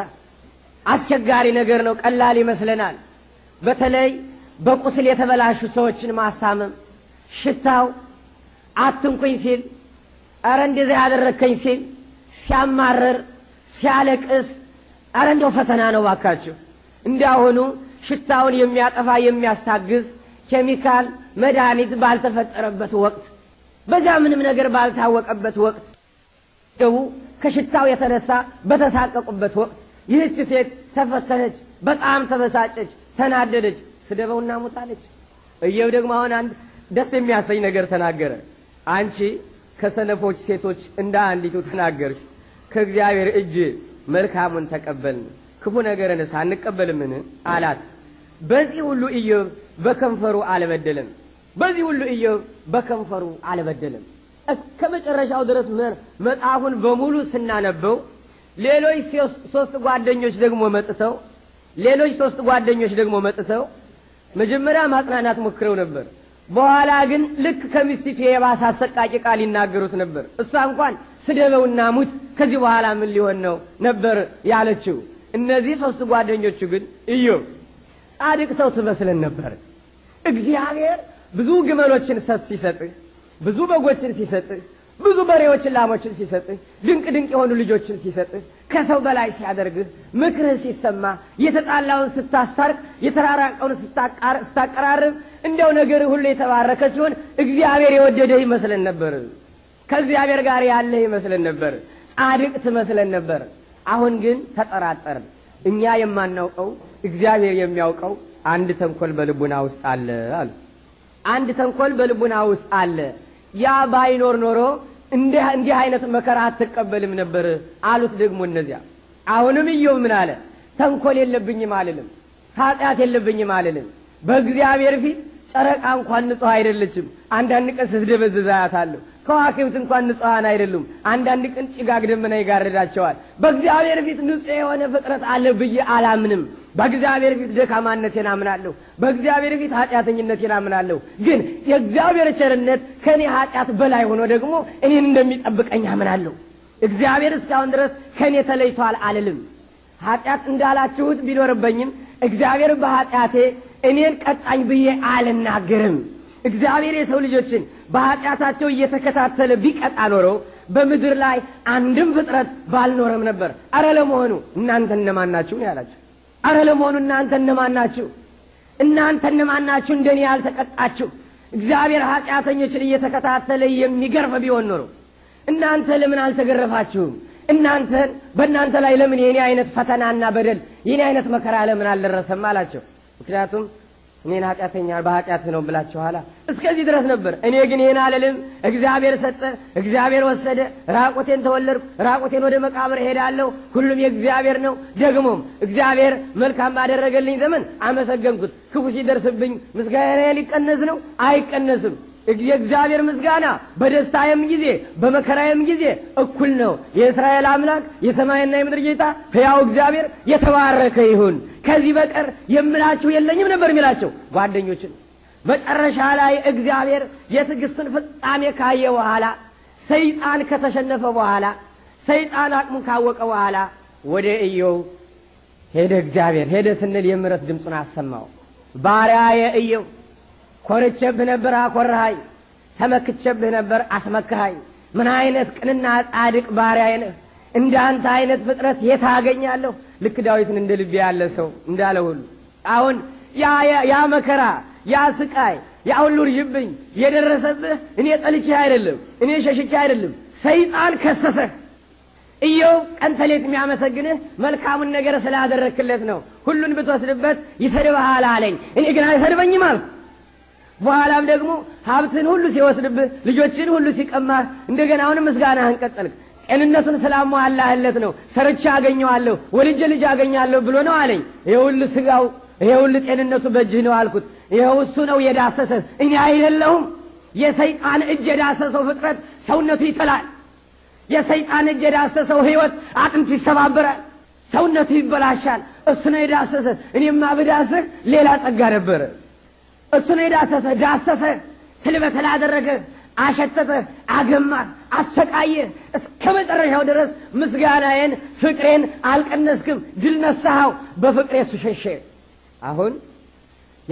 አስቸጋሪ ነገር ነው። ቀላል ይመስለናል። በተለይ በቁስል የተበላሹ ሰዎችን ማስታመም ሽታው አትንኩኝ ሲል አረ እንደዚህ ያደረከኝ ሲል ሲያማርር ሲያለቅስ አረ እንደው ፈተና ነው ባካችሁ። እንዳሁኑ ሽታውን የሚያጠፋ የሚያስታግዝ ኬሚካል መድኃኒት ባልተፈጠረበት ወቅት በዚያ ምንም ነገር ባልታወቀበት ወቅት ደቡ ከሽታው የተነሳ በተሳቀቁበት ወቅት ይህች ሴት ተፈተነች፣ በጣም ተበሳጨች፣ ተናደደች፣ ስደበውና ሙታለች። እየው ደግሞ አሁን አንድ ደስ የሚያሰኝ ነገር ተናገረ። አንቺ ከሰነፎች ሴቶች እንደ አንዲቱ ተናገርሽ። ከእግዚአብሔር እጅ መልካሙን ተቀበልን፣ ክፉ ነገርን አንቀበልምን አላት። በዚህ ሁሉ ኢዮብ በከንፈሩ አልበደለም። በዚህ ሁሉ ኢዮብ በከንፈሩ አልበደለም። እስከ መጨረሻው ድረስ መጽሐፉን በሙሉ ስናነበው ሌሎች ሶስት ጓደኞች ደግሞ መጥተው ሌሎች ሶስት ጓደኞች ደግሞ መጥተው መጀመሪያ ማጽናናት ሞክረው ነበር። በኋላ ግን ልክ ከሚስቱ የባሰ አሰቃቂ ቃል ይናገሩት ነበር። እሷ እንኳን ስደበውና ሙት፣ ከዚህ በኋላ ምን ሊሆን ነው ነበር ያለችው። እነዚህ ሶስት ጓደኞቹ ግን ኢዮብ ጻድቅ ሰው ትመስለን ነበር። እግዚአብሔር ብዙ ግመሎችን ሰት ሲሰጥህ፣ ብዙ በጎችን ሲሰጥህ፣ ብዙ በሬዎችን ላሞችን ሲሰጥህ፣ ድንቅ ድንቅ የሆኑ ልጆችን ሲሰጥህ፣ ከሰው በላይ ሲያደርግህ፣ ምክርህ ሲሰማ፣ የተጣላውን ስታስታርቅ፣ የተራራቀውን ስታቀራርብ እንዲያው ነገር ሁሉ የተባረከ ሲሆን እግዚአብሔር የወደደ ይመስለን ነበር። ከእግዚአብሔር ጋር ያለ ይመስለን ነበር። ጻድቅ ትመስለን ነበር። አሁን ግን ተጠራጠርን። እኛ የማናውቀው እግዚአብሔር የሚያውቀው አንድ ተንኮል በልቡና ውስጥ አለ አሉ። አንድ ተንኮል በልቡና ውስጥ አለ። ያ ባይኖር ኖሮ እንዲህ አይነት መከራ አትቀበልም ነበር አሉት። ደግሞ እነዚያ አሁንም እየው ምን አለ? ተንኮል የለብኝም አልልም፣ ኃጢአት የለብኝም አልልም በእግዚአብሔር ፊት ጨረቃ እንኳን ንጹህ አይደለችም። አንዳንድ ቀን ስትደበዝዝ አያታለሁ። ከዋክብት እንኳን ንጹሐን አይደሉም። አንዳንድ ቀን ጭጋግ ደመና ይጋርዳቸዋል። በእግዚአብሔር ፊት ንጹህ የሆነ ፍጥረት አለ ብዬ አላምንም። በእግዚአብሔር ፊት ደካማነቴን አምናለሁ። በእግዚአብሔር ፊት ኃጢአተኝነቴን አምናለሁ። ግን የእግዚአብሔር ቸርነት ከእኔ ኃጢአት በላይ ሆኖ ደግሞ እኔን እንደሚጠብቀኝ አምናለሁ። እግዚአብሔር እስካሁን ድረስ ከእኔ ተለይቷል አልልም። ኃጢአት እንዳላችሁት ቢኖርበኝም እግዚአብሔር በኃጢአቴ እኔን ቀጣኝ ብዬ አልናገርም። እግዚአብሔር የሰው ልጆችን በኃጢአታቸው እየተከታተለ ቢቀጣ ኖሮ በምድር ላይ አንድም ፍጥረት ባልኖረም ነበር። አረ ለመሆኑ እናንተ እነማን ናችሁ ነው ያላችሁ። አረ ለመሆኑ እናንተ እነማን ናችሁ? እናንተ እነማን ናችሁ እንደኔ ያልተቀጣችሁ? እግዚአብሔር ኃጢአተኞችን እየተከታተለ የሚገርፍ ቢሆን ኖሮ እናንተ ለምን አልተገረፋችሁም? እናንተን በእናንተ ላይ ለምን የኔ አይነት ፈተናና በደል የኔ አይነት መከራ ለምን አልደረሰም አላቸው። ምክንያቱም እኔን ኃጢአተኛ በኃጢአት ነው ብላችኋላ። እስከዚህ ድረስ ነበር። እኔ ግን ይህን አልልም። እግዚአብሔር ሰጠ፣ እግዚአብሔር ወሰደ፣ ራቆቴን ተወለድኩ፣ ራቆቴን ወደ መቃብር እሄዳለሁ፣ ሁሉም የእግዚአብሔር ነው። ደግሞም እግዚአብሔር መልካም ባደረገልኝ ዘመን አመሰገንኩት። ክፉ ሲደርስብኝ ምስጋና ሊቀነስ ነው? አይቀነስም። የእግዚአብሔር ምስጋና በደስታየም ጊዜ በመከራየም ጊዜ እኩል ነው። የእስራኤል አምላክ የሰማይና የምድር ጌታ ሕያው እግዚአብሔር የተባረከ ይሁን። ከዚህ በቀር የምላችሁ የለኝም ነበር የሚላቸው ጓደኞችን። መጨረሻ ላይ እግዚአብሔር የትዕግስትን ፍጻሜ ካየ በኋላ ሰይጣን ከተሸነፈ በኋላ ሰይጣን አቅሙን ካወቀ በኋላ ወደ እየው ሄደ። እግዚአብሔር ሄደ ስንል የምረት ድምፁን አሰማው። ባሪያ የእየው ኮርቼብህ ነበር፣ አኮርሃይ ተመክቼብህ ነበር፣ አስመክሃይ ምን አይነት ቅንና ጻድቅ ባሪያ ነህ! እንዳንተ አይነት ፍጥረት የት አገኛለሁ? ልክ ዳዊትን እንደ ልቤ ያለ ሰው እንዳለ ሁሉ አሁን ያ መከራ፣ ያ ስቃይ፣ ያ ሁሉ ርጅብኝ የደረሰብህ እኔ ጠልቼህ አይደለም፣ እኔ ሸሽቼህ አይደለም፣ ሰይጣን ከሰሰህ። እየው ቀንተሌት የሚያመሰግንህ መልካሙን ነገር ስላደረክለት ነው። ሁሉን ብትወስድበት ይሰድብሃል አለኝ፣ እኔ ግን አይሰድበኝም አልኩ። በኋላም ደግሞ ሀብትን ሁሉ ሲወስድብህ፣ ልጆችን ሁሉ ሲቀማህ፣ እንደገና አሁንም ምስጋናህን ቀጠልክ። ጤንነቱን አላህለት ነው። ሰርቼ አገኘዋለሁ፣ ወልጄ ልጅ አገኛለሁ ብሎ ነው አለኝ። የሁሉ ስጋው የውል ጤንነቱ በእጅህ ነው አልኩት። ይኸው እሱ ነው የዳሰሰ እኔ አይደለሁም። የሰይጣን እጅ የዳሰሰው ፍጥረት ሰውነቱ ይጥላል። የሰይጣን እጅ የዳሰሰው ህይወት አጥንቱ ይሰባበራል፣ ሰውነቱ ይበላሻል። እሱ ነው የዳሰሰ እኔማ ብዳስህ ሌላ ጸጋ ነበረ። እሱ ነው የዳሰሰ ዳሰሰ ስልበት አደረገ አሸተተህ፣ አገማህ፣ አሰቃየህ እስከ መጨረሻው ድረስ ምስጋናዬን፣ ፍቅሬን አልቀነስክም። ድል ነሳኸው፣ በፍቅሬ እሱ ሸሸ። አሁን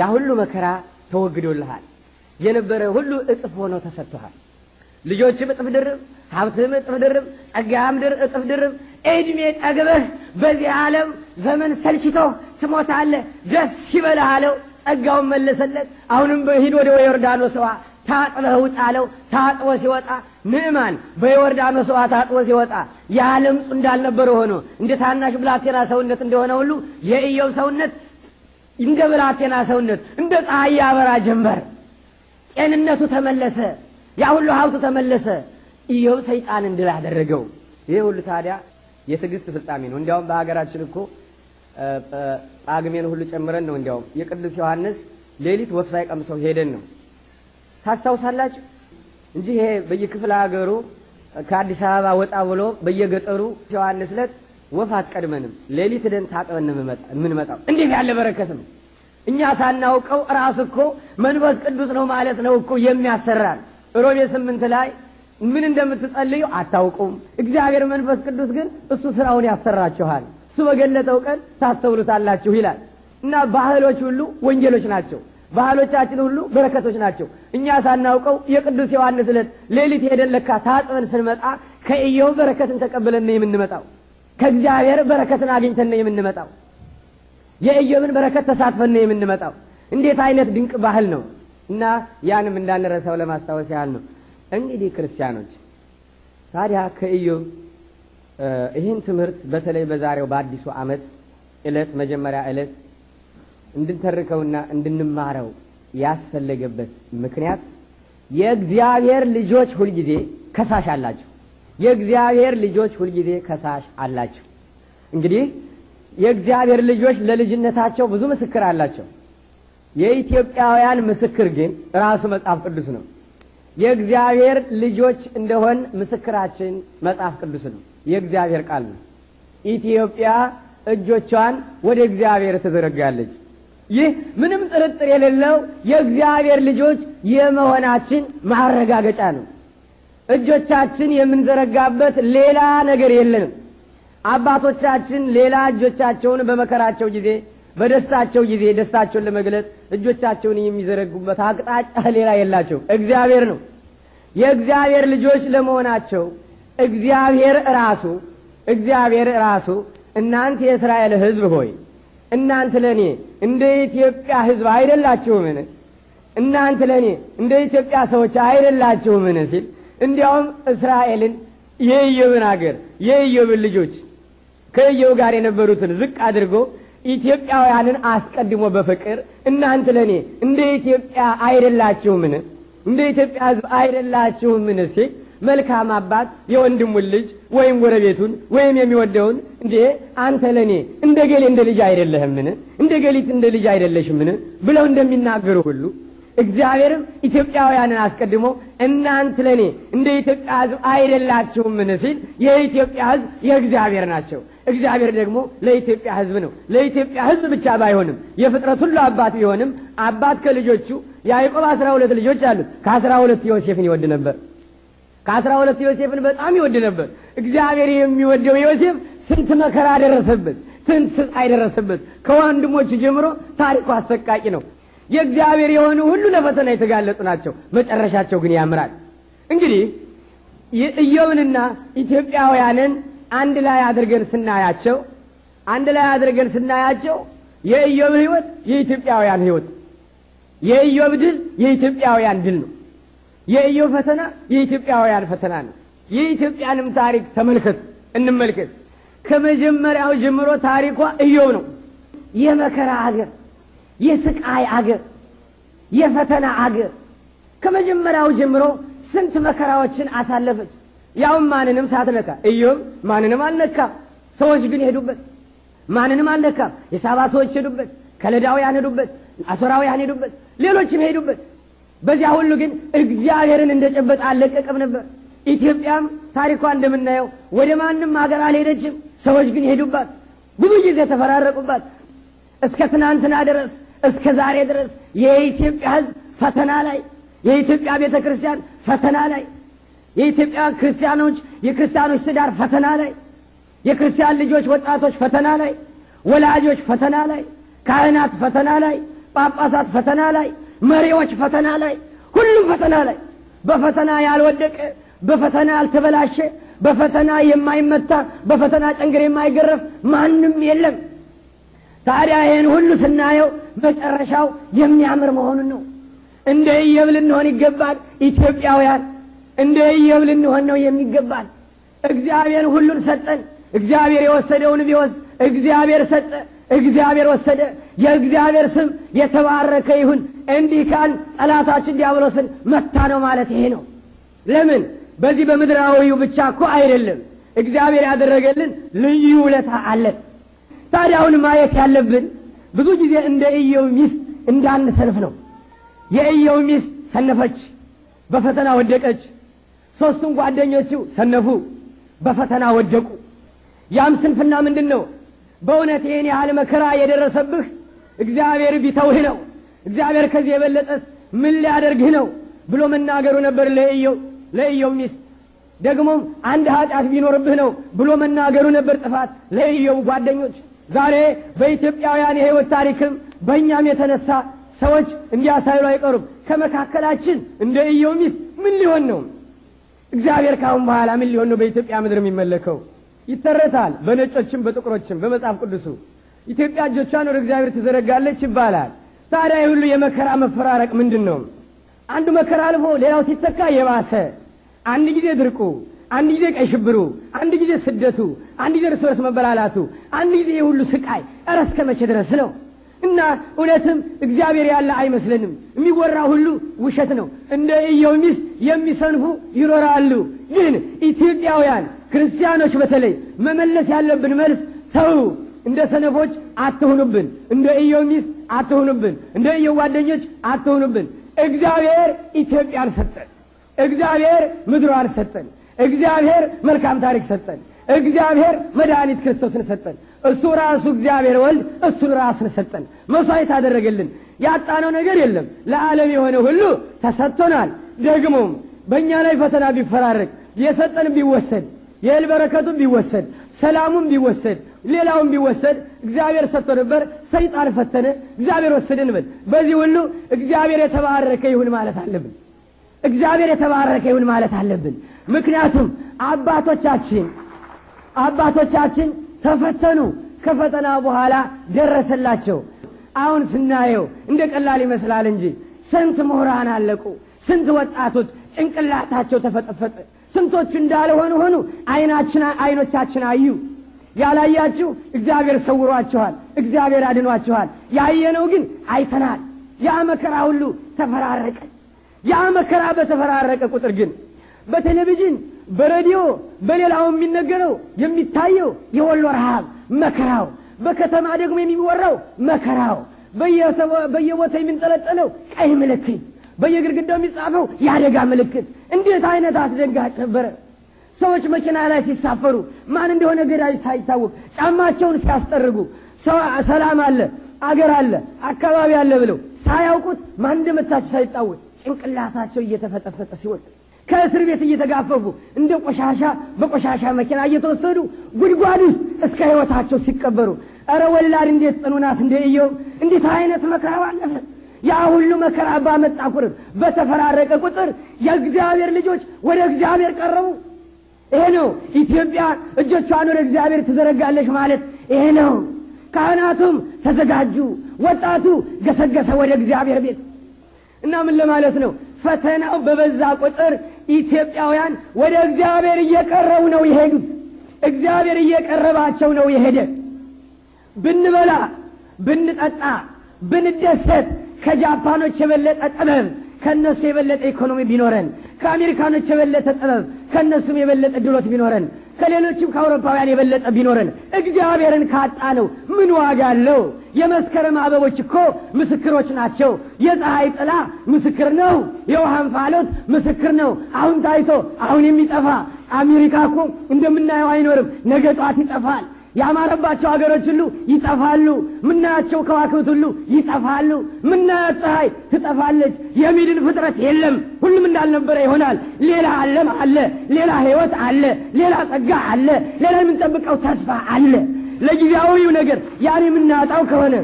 ያ ሁሉ መከራ ተወግዶልሃል። የነበረ ሁሉ እጥፍ ሆኖ ተሰጥቶሃል። ልጆችም እጥፍ ድርብ፣ ሀብትም እጥፍ ድርብ፣ ጸጋም እጥፍ ድርብ፣ እድሜ ጠግበህ በዚህ ዓለም ዘመን ሰልችቶህ ትሞታለህ። ደስ ይበልህ አለው። ጸጋውን መለሰለት። አሁንም ሂድ ወደ ዮርዳኖስ ታጥበህ ውጣ ታጥቦ ሲወጣ ንዕማን በዮርዳኖስ ውሃ ታጥቦ ሲወጣ ያ ለምጹ እንዳልነበረ ሆኖ እንደ ታናሽ ብላቴና ሰውነት እንደሆነ ሁሉ የኢዮብ ሰውነት እንደ ብላቴና ሰውነት እንደ ፀሐይ ያበራ ጀንበር ጤንነቱ ተመለሰ። ያ ሁሉ ሀብቱ ተመለሰ። ኢዮብ ሰይጣን እንድል አደረገው። ይህ ሁሉ ታዲያ የትዕግስት ፍጻሜ ነው። እንዲያውም በሀገራችን እኮ ጳግሜን ሁሉ ጨምረን ነው። እንዲያውም የቅዱስ ዮሐንስ ሌሊት ወፍ ሳይቀምሰው ሄደን ነው ታስታውሳላችሁ እንጂ ይሄ በየክፍለ ሀገሩ ከአዲስ አበባ ወጣ ብሎ በየገጠሩ ዮሐንስ ዕለት ወፍ አትቀድመንም፣ ሌሊት ደን ታጥበን የምንመጣው እንዴት ያለ በረከት ነው! እኛ ሳናውቀው ራስ እኮ መንፈስ ቅዱስ ነው ማለት ነው እኮ የሚያሰራን። ሮሜ ስምንት ላይ ምን እንደምትጸልዩ አታውቁም፣ እግዚአብሔር መንፈስ ቅዱስ ግን እሱ ስራውን ያሰራችኋል፣ እሱ በገለጠው ቀን ታስተውሉታላችሁ ይላል እና ባህሎች ሁሉ ወንጀሎች ናቸው። ባህሎቻችን ሁሉ በረከቶች ናቸው። እኛ ሳናውቀው የቅዱስ ዮሐንስ ዕለት ሌሊት ሄደን ለካ ታጥበን ስንመጣ ከእየው በረከትን ተቀብለን ነው የምንመጣው። ከእግዚአብሔር በረከትን አግኝተን ነው የምንመጣው። የኢዮብን በረከት ተሳትፈን ነው የምንመጣው። እንዴት አይነት ድንቅ ባህል ነው! እና ያንም እንዳንረሰው ለማስታወስ ያህል ነው። እንግዲህ ክርስቲያኖች ታዲያ ከኢዮብ ይህን ትምህርት በተለይ በዛሬው በአዲሱ አመት እለት መጀመሪያ እለት። እንድንተርከውና እንድንማረው ያስፈለገበት ምክንያት የእግዚአብሔር ልጆች ሁልጊዜ ከሳሽ አላቸው። የእግዚአብሔር ልጆች ሁልጊዜ ከሳሽ አላቸው። እንግዲህ የእግዚአብሔር ልጆች ለልጅነታቸው ብዙ ምስክር አላቸው። የኢትዮጵያውያን ምስክር ግን ራሱ መጽሐፍ ቅዱስ ነው። የእግዚአብሔር ልጆች እንደሆን ምስክራችን መጽሐፍ ቅዱስ ነው፣ የእግዚአብሔር ቃል ነው። ኢትዮጵያ እጆቿን ወደ እግዚአብሔር ትዘረጋለች። ይህ ምንም ጥርጥር የሌለው የእግዚአብሔር ልጆች የመሆናችን ማረጋገጫ ነው። እጆቻችን የምንዘረጋበት ሌላ ነገር የለንም። አባቶቻችን ሌላ እጆቻቸውን በመከራቸው ጊዜ፣ በደስታቸው ጊዜ ደስታቸውን ለመግለጽ እጆቻቸውን የሚዘረጉበት አቅጣጫ ሌላ የላቸው እግዚአብሔር ነው። የእግዚአብሔር ልጆች ለመሆናቸው እግዚአብሔር ራሱ እግዚአብሔር ራሱ እናንተ የእስራኤል ህዝብ ሆይ እናንተ ለእኔ እንደ ኢትዮጵያ ህዝብ አይደላችሁምን? እናንተ ለእኔ እንደ ኢትዮጵያ ሰዎች አይደላችሁምን? ሲል እንዲያውም እስራኤልን የኢዮብን አገር የኢዮብን ልጆች ከኢዮብ ጋር የነበሩትን ዝቅ አድርጎ ኢትዮጵያውያንን አስቀድሞ በፍቅር እናንተ ለእኔ እንደ ኢትዮጵያ አይደላችሁምን? እንደ ኢትዮጵያ ህዝብ አይደላችሁምን? ሲል መልካም አባት የወንድሙን ልጅ ወይም ጎረቤቱን ወይም የሚወደውን እንዴ አንተ ለእኔ እንደ ገሌ እንደ ልጅ አይደለህምን? እንደ ገሊት እንደ ልጅ አይደለሽምን? ብለው እንደሚናገሩ ሁሉ እግዚአብሔርም ኢትዮጵያውያንን አስቀድሞ እናንት ለእኔ እንደ ኢትዮጵያ ሕዝብ አይደላችሁምን ሲል የኢትዮጵያ ሕዝብ የእግዚአብሔር ናቸው። እግዚአብሔር ደግሞ ለኢትዮጵያ ሕዝብ ነው። ለኢትዮጵያ ሕዝብ ብቻ ባይሆንም የፍጥረት ሁሉ አባት ቢሆንም አባት ከልጆቹ ያዕቆብ አስራ ሁለት ልጆች አሉት። ከአስራ ሁለት ዮሴፍን ይወድ ነበር። ከአስራ ሁለት ዮሴፍን በጣም ይወድ ነበር። እግዚአብሔር የሚወደው ዮሴፍ ስንት መከራ ደረሰበት፣ ስንት ስቃይ ደረሰበት። ከወንድሞቹ ጀምሮ ታሪኩ አሰቃቂ ነው። የእግዚአብሔር የሆኑ ሁሉ ለፈተና የተጋለጡ ናቸው። መጨረሻቸው ግን ያምራል። እንግዲህ ኢዮብንና ኢትዮጵያውያንን አንድ ላይ አድርገን ስናያቸው አንድ ላይ አድርገን ስናያቸው የኢዮብ ህይወት የኢትዮጵያውያን ህይወት፣ የኢዮብ ድል የኢትዮጵያውያን ድል ነው። የኢዮ ፈተና የኢትዮጵያውያን ፈተና ነው። የኢትዮጵያንም ታሪክ ተመልከቱ፣ እንመልከት። ከመጀመሪያው ጀምሮ ታሪኳ ኢዮብ ነው። የመከራ አገር፣ የስቃይ አገር፣ የፈተና አገር። ከመጀመሪያው ጀምሮ ስንት መከራዎችን አሳለፈች። ያውም ማንንም ሳትነካ። ኢዮብ ማንንም አልነካ? ሰዎች ግን ሄዱበት። ማንንም አልነካም። የሳባ ሰዎች ሄዱበት፣ ከለዳውያን ሄዱበት፣ አሶራውያን ሄዱበት፣ ሌሎችም ሄዱበት። በዚያ ሁሉ ግን እግዚአብሔርን ጨበጠ አለቀቀም ነበር። ኢትዮጵያም ታሪኳ እንደምናየው ወደ ማንም ሀገር አልሄደችም። ሰዎች ግን ሄዱባት፣ ብዙ ጊዜ ተፈራረቁባት። እስከ ትናንትና ድረስ እስከ ዛሬ ድረስ የኢትዮጵያ ሕዝብ ፈተና ላይ፣ የኢትዮጵያ ቤተ ክርስቲያን ፈተና ላይ፣ የኢትዮጵያ ክርስቲያኖች የክርስቲያኖች ትዳር ፈተና ላይ፣ የክርስቲያን ልጆች ወጣቶች ፈተና ላይ፣ ወላጆች ፈተና ላይ፣ ካህናት ፈተና ላይ፣ ጳጳሳት ፈተና ላይ መሪዎች ፈተና ላይ ሁሉም ፈተና ላይ በፈተና ያልወደቀ በፈተና ያልተበላሸ በፈተና የማይመታ በፈተና ጨንገር የማይገረፍ ማንም የለም። ታዲያ ይህን ሁሉ ስናየው መጨረሻው የሚያምር መሆኑን ነው። እንደ ኢዮብ እንሆን ይገባል። ኢትዮጵያውያን እንደ ኢዮብ እንሆን ነው የሚገባል። እግዚአብሔር ሁሉን ሰጠን። እግዚአብሔር የወሰደውን ቢወስድ እግዚአብሔር ሰጠ። እግዚአብሔር ወሰደ። የእግዚአብሔር ስም የተባረከ ይሁን። እንዲህ ካል ጠላታችን ዲያብሎስን መታ ነው ማለት ይሄ ነው። ለምን በዚህ በምድራዊው ብቻ እኮ አይደለም። እግዚአብሔር ያደረገልን ልዩ ውለታ አለን። ታዲያውን ማየት ያለብን ብዙ ጊዜ እንደ እየው ሚስት እንዳንሰንፍ ነው። የእየው ሚስት ሰነፈች፣ በፈተና ወደቀች። ሦስቱም ጓደኞቹ ሰነፉ፣ በፈተና ወደቁ። ያም ስንፍና ምንድን ነው? በእውነት ይህን ያህል መከራ የደረሰብህ እግዚአብሔር ቢተውህ ነው፣ እግዚአብሔር ከዚህ የበለጠስ ምን ሊያደርግህ ነው ብሎ መናገሩ ነበር ለእየው ሚስት። ደግሞም አንድ ኃጢአት ቢኖርብህ ነው ብሎ መናገሩ ነበር ጥፋት ለእየው ጓደኞች። ዛሬ በኢትዮጵያውያን የህይወት ታሪክም በእኛም የተነሳ ሰዎች እንዲያሳይሉ አይቀሩም። ከመካከላችን እንደ እየው ሚስት ምን ሊሆን ነው? እግዚአብሔር ካሁን በኋላ ምን ሊሆን ነው በኢትዮጵያ ምድር የሚመለከው? ይተረታል። በነጮችም በጥቁሮችም በመጽሐፍ ቅዱሱ ኢትዮጵያ እጆቿን ወደ እግዚአብሔር ትዘረጋለች ይባላል። ታዲያ ሁሉ የመከራ መፈራረቅ ምንድን ነው? አንዱ መከራ አልፎ ሌላው ሲተካ የባሰ አንድ ጊዜ ድርቁ፣ አንድ ጊዜ ቀይ ሽብሩ፣ አንድ ጊዜ ስደቱ፣ አንድ ጊዜ እርስ በርስ መበላላቱ፣ አንድ ጊዜ የሁሉ ስቃይ። እረ እስከ መቼ ድረስ ነው? እና እውነትም እግዚአብሔር ያለ አይመስለንም። የሚወራ ሁሉ ውሸት ነው። እንደ ኢዮብ ሚስት የሚሰንፉ ይኖራሉ። ግን ኢትዮጵያውያን ክርስቲያኖች በተለይ መመለስ ያለብን መልስ ሰው እንደ ሰነፎች አትሁኑብን፣ እንደ ኢዮብ ሚስት አትሁኑብን፣ እንደ ኢዮብ ጓደኞች አትሁኑብን። እግዚአብሔር ኢትዮጵያ አልሰጠን፣ እግዚአብሔር ምድሯን አልሰጠን፣ እግዚአብሔር መልካም ታሪክ ሰጠን። እግዚአብሔር መድኃኒት ክርስቶስን ሰጠን። እሱ ራሱ እግዚአብሔር ወልድ እሱን ራሱን ሰጠን፣ መስዋዕት አደረገልን። ያጣነው ነገር የለም። ለዓለም የሆነ ሁሉ ተሰጥቶናል። ደግሞም በእኛ ላይ ፈተና ቢፈራረቅ የሰጠን ቢወሰድ የእህል በረከቱን ቢወሰድ ሰላሙም ቢወሰድ ሌላውም ቢወሰድ እግዚአብሔር ሰጥቶ ነበር፣ ሰይጣን ፈተነ፣ እግዚአብሔር ወሰደ እንበል። በዚህ ሁሉ እግዚአብሔር የተባረከ ይሁን ማለት አለብን። እግዚአብሔር የተባረከ ይሁን ማለት አለብን። ምክንያቱም አባቶቻችን አባቶቻችን ተፈተኑ። ከፈተና በኋላ ደረሰላቸው። አሁን ስናየው እንደ ቀላል ይመስላል እንጂ ስንት ምሁራን አለቁ፣ ስንት ወጣቶች ጭንቅላታቸው ተፈጠፈጠ፣ ስንቶቹ እንዳልሆኑ ሆኑ። አይናችን አይኖቻችን አዩ። ያላያችሁ እግዚአብሔር ሰውሯችኋል፣ እግዚአብሔር አድኗችኋል። ያየነው ግን አይተናል። ያ መከራ ሁሉ ተፈራረቀ። ያ መከራ በተፈራረቀ ቁጥር ግን በቴሌቪዥን በሬዲዮ በሌላው የሚነገረው የሚታየው የወሎ ረሃብ መከራው፣ በከተማ ደግሞ የሚወራው መከራው፣ በየቦታ የሚንጠለጠለው ቀይ ምልክት፣ በየግድግዳው የሚጻፈው የአደጋ ምልክት እንዴት አይነት አስደንጋጭ ነበረ። ሰዎች መኪና ላይ ሲሳፈሩ ማን እንደሆነ ገዳጅ ሳይታወቅ ጫማቸውን ሲያስጠርጉ ሰላም አለ አገር አለ አካባቢ አለ ብለው ሳያውቁት ማን እንደመታቸው ሳይታወቅ ጭንቅላታቸው እየተፈጠፈጠ ሲወጥ ከእስር ቤት እየተጋፈፉ እንደ ቆሻሻ በቆሻሻ መኪና እየተወሰዱ ጉድጓድ ውስጥ እስከ ሕይወታቸው ሲቀበሩ፣ እረ ወላድ እንዴት ጽኑናት ናት! እንደ እየው እንዴት አይነት መከራ ባለፈ ያ ሁሉ መከራ ባመጣ ቁጥር በተፈራረቀ ቁጥር የእግዚአብሔር ልጆች ወደ እግዚአብሔር ቀረቡ። ይሄ ነው ኢትዮጵያ እጆቿን ወደ እግዚአብሔር ትዘረጋለች ማለት ይሄ ነው። ካህናቱም ተዘጋጁ፣ ወጣቱ ገሰገሰ ወደ እግዚአብሔር ቤት እና ምን ለማለት ነው? ፈተናው በበዛ ቁጥር ኢትዮጵያውያን ወደ እግዚአብሔር እየቀረቡ ነው የሄዱት። እግዚአብሔር እየቀረባቸው ነው የሄደ። ብንበላ፣ ብንጠጣ፣ ብንደሰት ከጃፓኖች የበለጠ ጥበብ ከእነሱ የበለጠ ኢኮኖሚ ቢኖረን ከአሜሪካኖች የበለጠ ጥበብ ከእነሱም የበለጠ ድሎት ቢኖረን ከሌሎችም ከአውሮፓውያን የበለጠ ቢኖረን እግዚአብሔርን ካጣ ነው ምን ዋጋ አለው? የመስከረም አበቦች እኮ ምስክሮች ናቸው። የፀሐይ ጥላ ምስክር ነው። የውሃ እንፋሎት ምስክር ነው። አሁን ታይቶ አሁን የሚጠፋ አሜሪካ እኮ እንደምናየው አይኖርም፣ ነገ ጠዋት ይጠፋል። ያማረባቸው ሀገሮች ሁሉ ይጠፋሉ። ምናያቸው ከዋክብት ሁሉ ይጠፋሉ። ምናያት ፀሐይ ትጠፋለች። የሚድን ፍጥረት የለም። ሁሉም እንዳልነበረ ይሆናል። ሌላ ዓለም አለ። ሌላ ሕይወት አለ። ሌላ ጸጋ አለ። ሌላ የምንጠብቀው ተስፋ አለ። ለጊዜያዊው ነገር ያን የምናጣው ከሆነ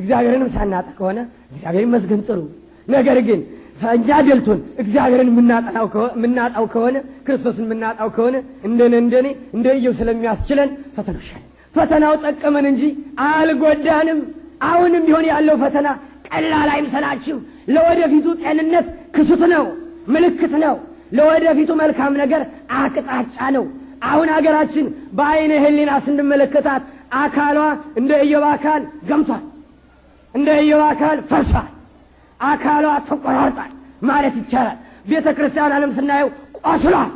እግዚአብሔርንም ሳናጣ ከሆነ እግዚአብሔር ይመስገን ጥሩ ነገር ግን እኛ ደልቶን እግዚአብሔርን የምናጣው ከሆነ ክርስቶስን የምናጣው ከሆነ እንደነ እንደኔ እንደየው ስለሚያስችለን ፈተናሻል። ፈተናው ጠቀመን እንጂ አልጎዳንም። አሁንም ቢሆን ያለው ፈተና ቀላል አይምሰላችሁ። ለወደፊቱ ጤንነት ክሱት ነው፣ ምልክት ነው። ለወደፊቱ መልካም ነገር አቅጣጫ ነው። አሁን አገራችን በአይነ ህሊና ስንመለከታት አካሏ እንደ ኢዮብ አካል ገምቷል፣ እንደ አካል ፈርሷል። አካሏ ተቆራርጧል ማለት ይቻላል። ቤተ ክርስቲያን አለም ስናየው ቆስሏል።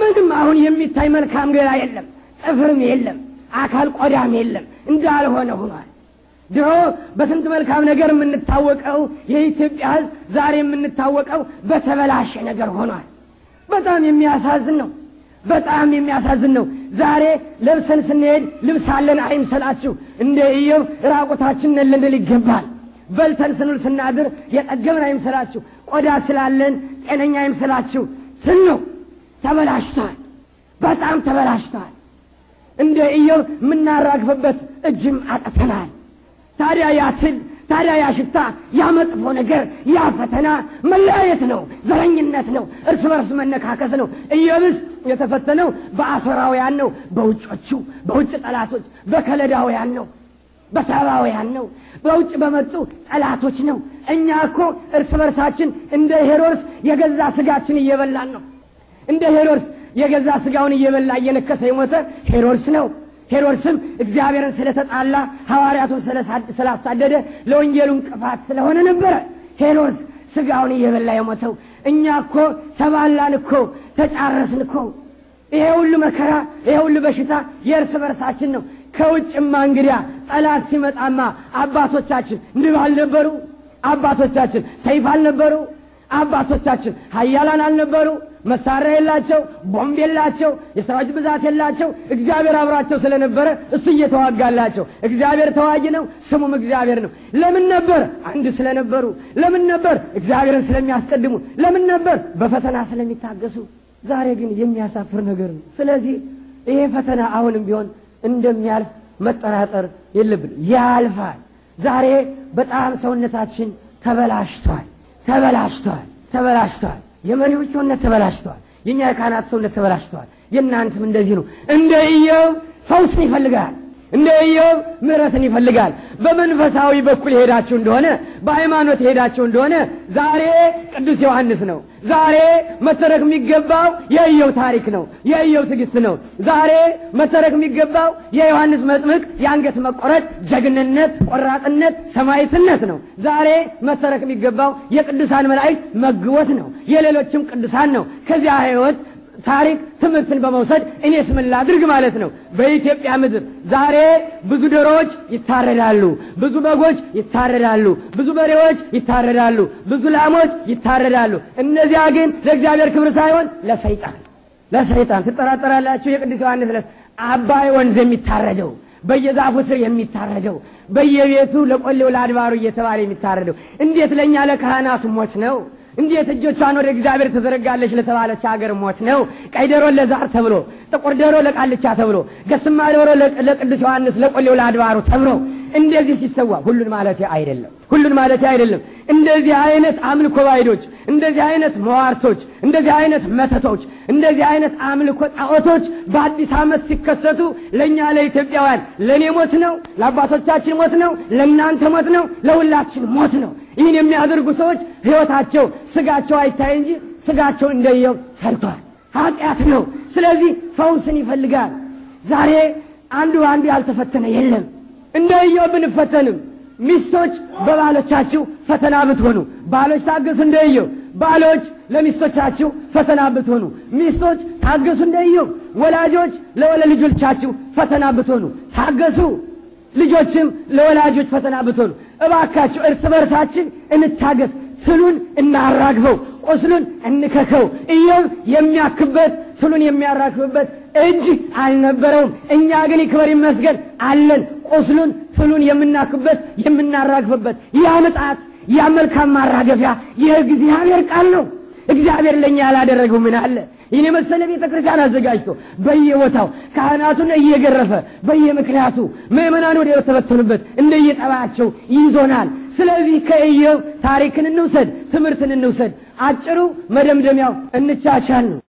ምንም አሁን የሚታይ መልካም ገላ የለም፣ ጥፍርም የለም፣ አካል ቆዳም የለም፣ እንዳልሆነ ሆኗል። ድሮ በስንት መልካም ነገር የምንታወቀው የኢትዮጵያ ሕዝብ ዛሬ የምንታወቀው በተበላሸ ነገር ሆኗል። በጣም የሚያሳዝን ነው። በጣም የሚያሳዝን ነው። ዛሬ ለብሰን ስንሄድ ልብሳለን አይምሰላችሁ። እንደ ኢዮብ ራቁታችን ነለንል ይገባል። በልተን ስንል ስናድር የጠገብን አይምስላችሁ። ቆዳ ስላለን ጤነኛ አይምስላችሁ። ትኖ ነው ተበላሽተዋል። በጣም ተበላሽተዋል። እንደ ኢዮብ የምናራግፍበት እጅም አጥተናል። ታዲያ ያ ትል፣ ታዲያ ያ ሽታ፣ ያ መጥፎ ነገር፣ ያ ፈተና መለያየት ነው፣ ዘረኝነት ነው፣ እርስ በርስ መነካከስ ነው። እየብስ የተፈተነው በአሶራውያን ነው፣ በውጮቹ፣ በውጭ ጠላቶች፣ በከለዳውያን ነው። በሰባውያን ነው። በውጭ በመጡ ጠላቶች ነው። እኛ እኮ እርስ በርሳችን እንደ ሄሮድስ የገዛ ስጋችን እየበላን ነው። እንደ ሄሮድስ የገዛ ስጋውን እየበላ እየነከሰ የሞተ ሄሮድስ ነው። ሄሮድስም እግዚአብሔርን ስለተጣላ ሐዋርያቱን ስላሳደደ ለወንጌሉ እንቅፋት ስለሆነ ነበረ ሄሮድስ ስጋውን እየበላ የሞተው። እኛ እኮ ተባላን እኮ ተጫረስን እኮ። ይሄ ሁሉ መከራ፣ ይሄ ሁሉ በሽታ የእርስ በርሳችን ነው። ከውጭማ እንግዲያ ጠላት ሲመጣማ አባቶቻችን ንብ አልነበሩ? አባቶቻችን ሰይፍ አልነበሩ? አባቶቻችን ሀያላን አልነበሩ? መሳሪያ የላቸው፣ ቦምብ የላቸው፣ የሰራዊት ብዛት የላቸው። እግዚአብሔር አብራቸው ስለነበረ እሱ እየተዋጋላቸው። እግዚአብሔር ተዋጊ ነው፣ ስሙም እግዚአብሔር ነው። ለምን ነበር? አንድ ስለነበሩ። ለምን ነበር? እግዚአብሔርን ስለሚያስቀድሙ። ለምን ነበር? በፈተና ስለሚታገሱ። ዛሬ ግን የሚያሳፍር ነገር ነው። ስለዚህ ይሄ ፈተና አሁንም ቢሆን እንደሚያልፍ መጠራጠር የለብን። ያልፋል። ዛሬ በጣም ሰውነታችን ተበላሽቷል፣ ተበላሽቷል፣ ተበላሽቷል። የመሪዎች ሰውነት ተበላሽቷል። የእኛ የካህናት ሰውነት ተበላሽቷል። የእናንተም እንደዚህ ነው። እንደ ኢዮብ ፈውስን ይፈልጋል። እንደ ኢዮብ ምሕረትን ይፈልጋል። በመንፈሳዊ በኩል ሄዳችሁ እንደሆነ በሃይማኖት ሄዳችሁ እንደሆነ ዛሬ ቅዱስ ዮሐንስ ነው። ዛሬ መተረክ የሚገባው የኢዮብ ታሪክ ነው፣ የኢዮብ ትዕግስት ነው። ዛሬ መተረክ የሚገባው የዮሐንስ መጥምቅ የአንገት መቆረጥ፣ ጀግንነት፣ ቆራጥነት፣ ሰማዕትነት ነው። ዛሬ መተረክ የሚገባው የቅዱሳን መላእክት መግቦት ነው፣ የሌሎችም ቅዱሳን ነው። ከዚያ ህይወት ታሪክ ትምህርትን በመውሰድ እኔ ስምላ አድርግ ማለት ነው። በኢትዮጵያ ምድር ዛሬ ብዙ ዶሮዎች ይታረዳሉ፣ ብዙ በጎች ይታረዳሉ፣ ብዙ በሬዎች ይታረዳሉ፣ ብዙ ላሞች ይታረዳሉ። እነዚያ ግን ለእግዚአብሔር ክብር ሳይሆን ለሰይጣን ለሰይጣን ትጠራጠራላችሁ። የቅዱስ ዮሐንስ ዕለት አባይ ወንዝ የሚታረደው በየዛፉ ስር የሚታረደው በየቤቱ ለቆሌው ለአድባሩ እየተባለ የሚታረደው እንዴት ለእኛ ለካህናቱ ሞት ነው። እንዴት እጆቿን ወደ እግዚአብሔር ትዘረጋለች ለተባለች ሀገር ሞት ነው። ቀይ ዶሮ ለዛር ተብሎ፣ ጥቁር ዶሮ ለቃልቻ ተብሎ፣ ገስማ ዶሮ ለቅዱስ ዮሐንስ ለቆሌው ለአድባሩ ተብሎ እንደዚህ ሲሰዋ ሁሉን ማለት አይደለም፣ ሁሉን ማለት አይደለም። እንደዚህ አይነት አምልኮ ባይዶች፣ እንደዚህ አይነት መዋርቶች፣ እንደዚህ አይነት መተቶች፣ እንደዚህ አይነት አምልኮ ጣዖቶች በአዲስ ዓመት ሲከሰቱ ለእኛ ለኢትዮጵያውያን ለእኔ ሞት ነው፣ ለአባቶቻችን ሞት ነው፣ ለእናንተ ሞት ነው፣ ለሁላችን ሞት ነው። ይህን የሚያደርጉ ሰዎች ሕይወታቸው ስጋቸው አይታይ እንጂ ስጋቸው እንደየው ሰርቷል። ኃጢአት ነው። ስለዚህ ፈውስን ይፈልጋል። ዛሬ አንዱ አንዱ ያልተፈተነ የለም። እንደ ኢዮብ ብንፈተንም ሚስቶች በባሎቻችሁ ፈተና ብትሆኑ፣ ባሎች ታገሱ እንደ ኢዮብ። ባሎች ለሚስቶቻችሁ ፈተና ብትሆኑ፣ ሚስቶች ታገሱ እንደ ኢዮብ። ወላጆች ለወለ ፈተና ብትሆኑ፣ ታገሱ። ልጆችም ለወላጆች ፈተና ብትሆኑ፣ እባካችሁ እርስ በርሳችን እንታገስ። ትሉን እናራግፈው፣ ቁስሉን እንከከው። ኢዮብ የሚያክበት ትሉን የሚያራክብበት እጅ አልነበረውም። እኛ ግን ይክበር ይመስገን አለን። ቁስሉን ፍሉን የምናክበት የምናራግፍበት ያ ምጣት ያ መልካም ማራገፊያ የእግዚአብሔር ቃል ነው። እግዚአብሔር ለእኛ ያላደረገው ምን አለ? ይህን የመሰለ ቤተ ክርስቲያን አዘጋጅቶ በየቦታው ካህናቱን እየገረፈ በየምክንያቱ ምእመናን ወደ ተበተኑበት እንደየጠባቸው ይዞናል። ስለዚህ ከእየው ታሪክን እንውሰድ፣ ትምህርትን እንውሰድ። አጭሩ መደምደሚያው እንቻቻል ነው።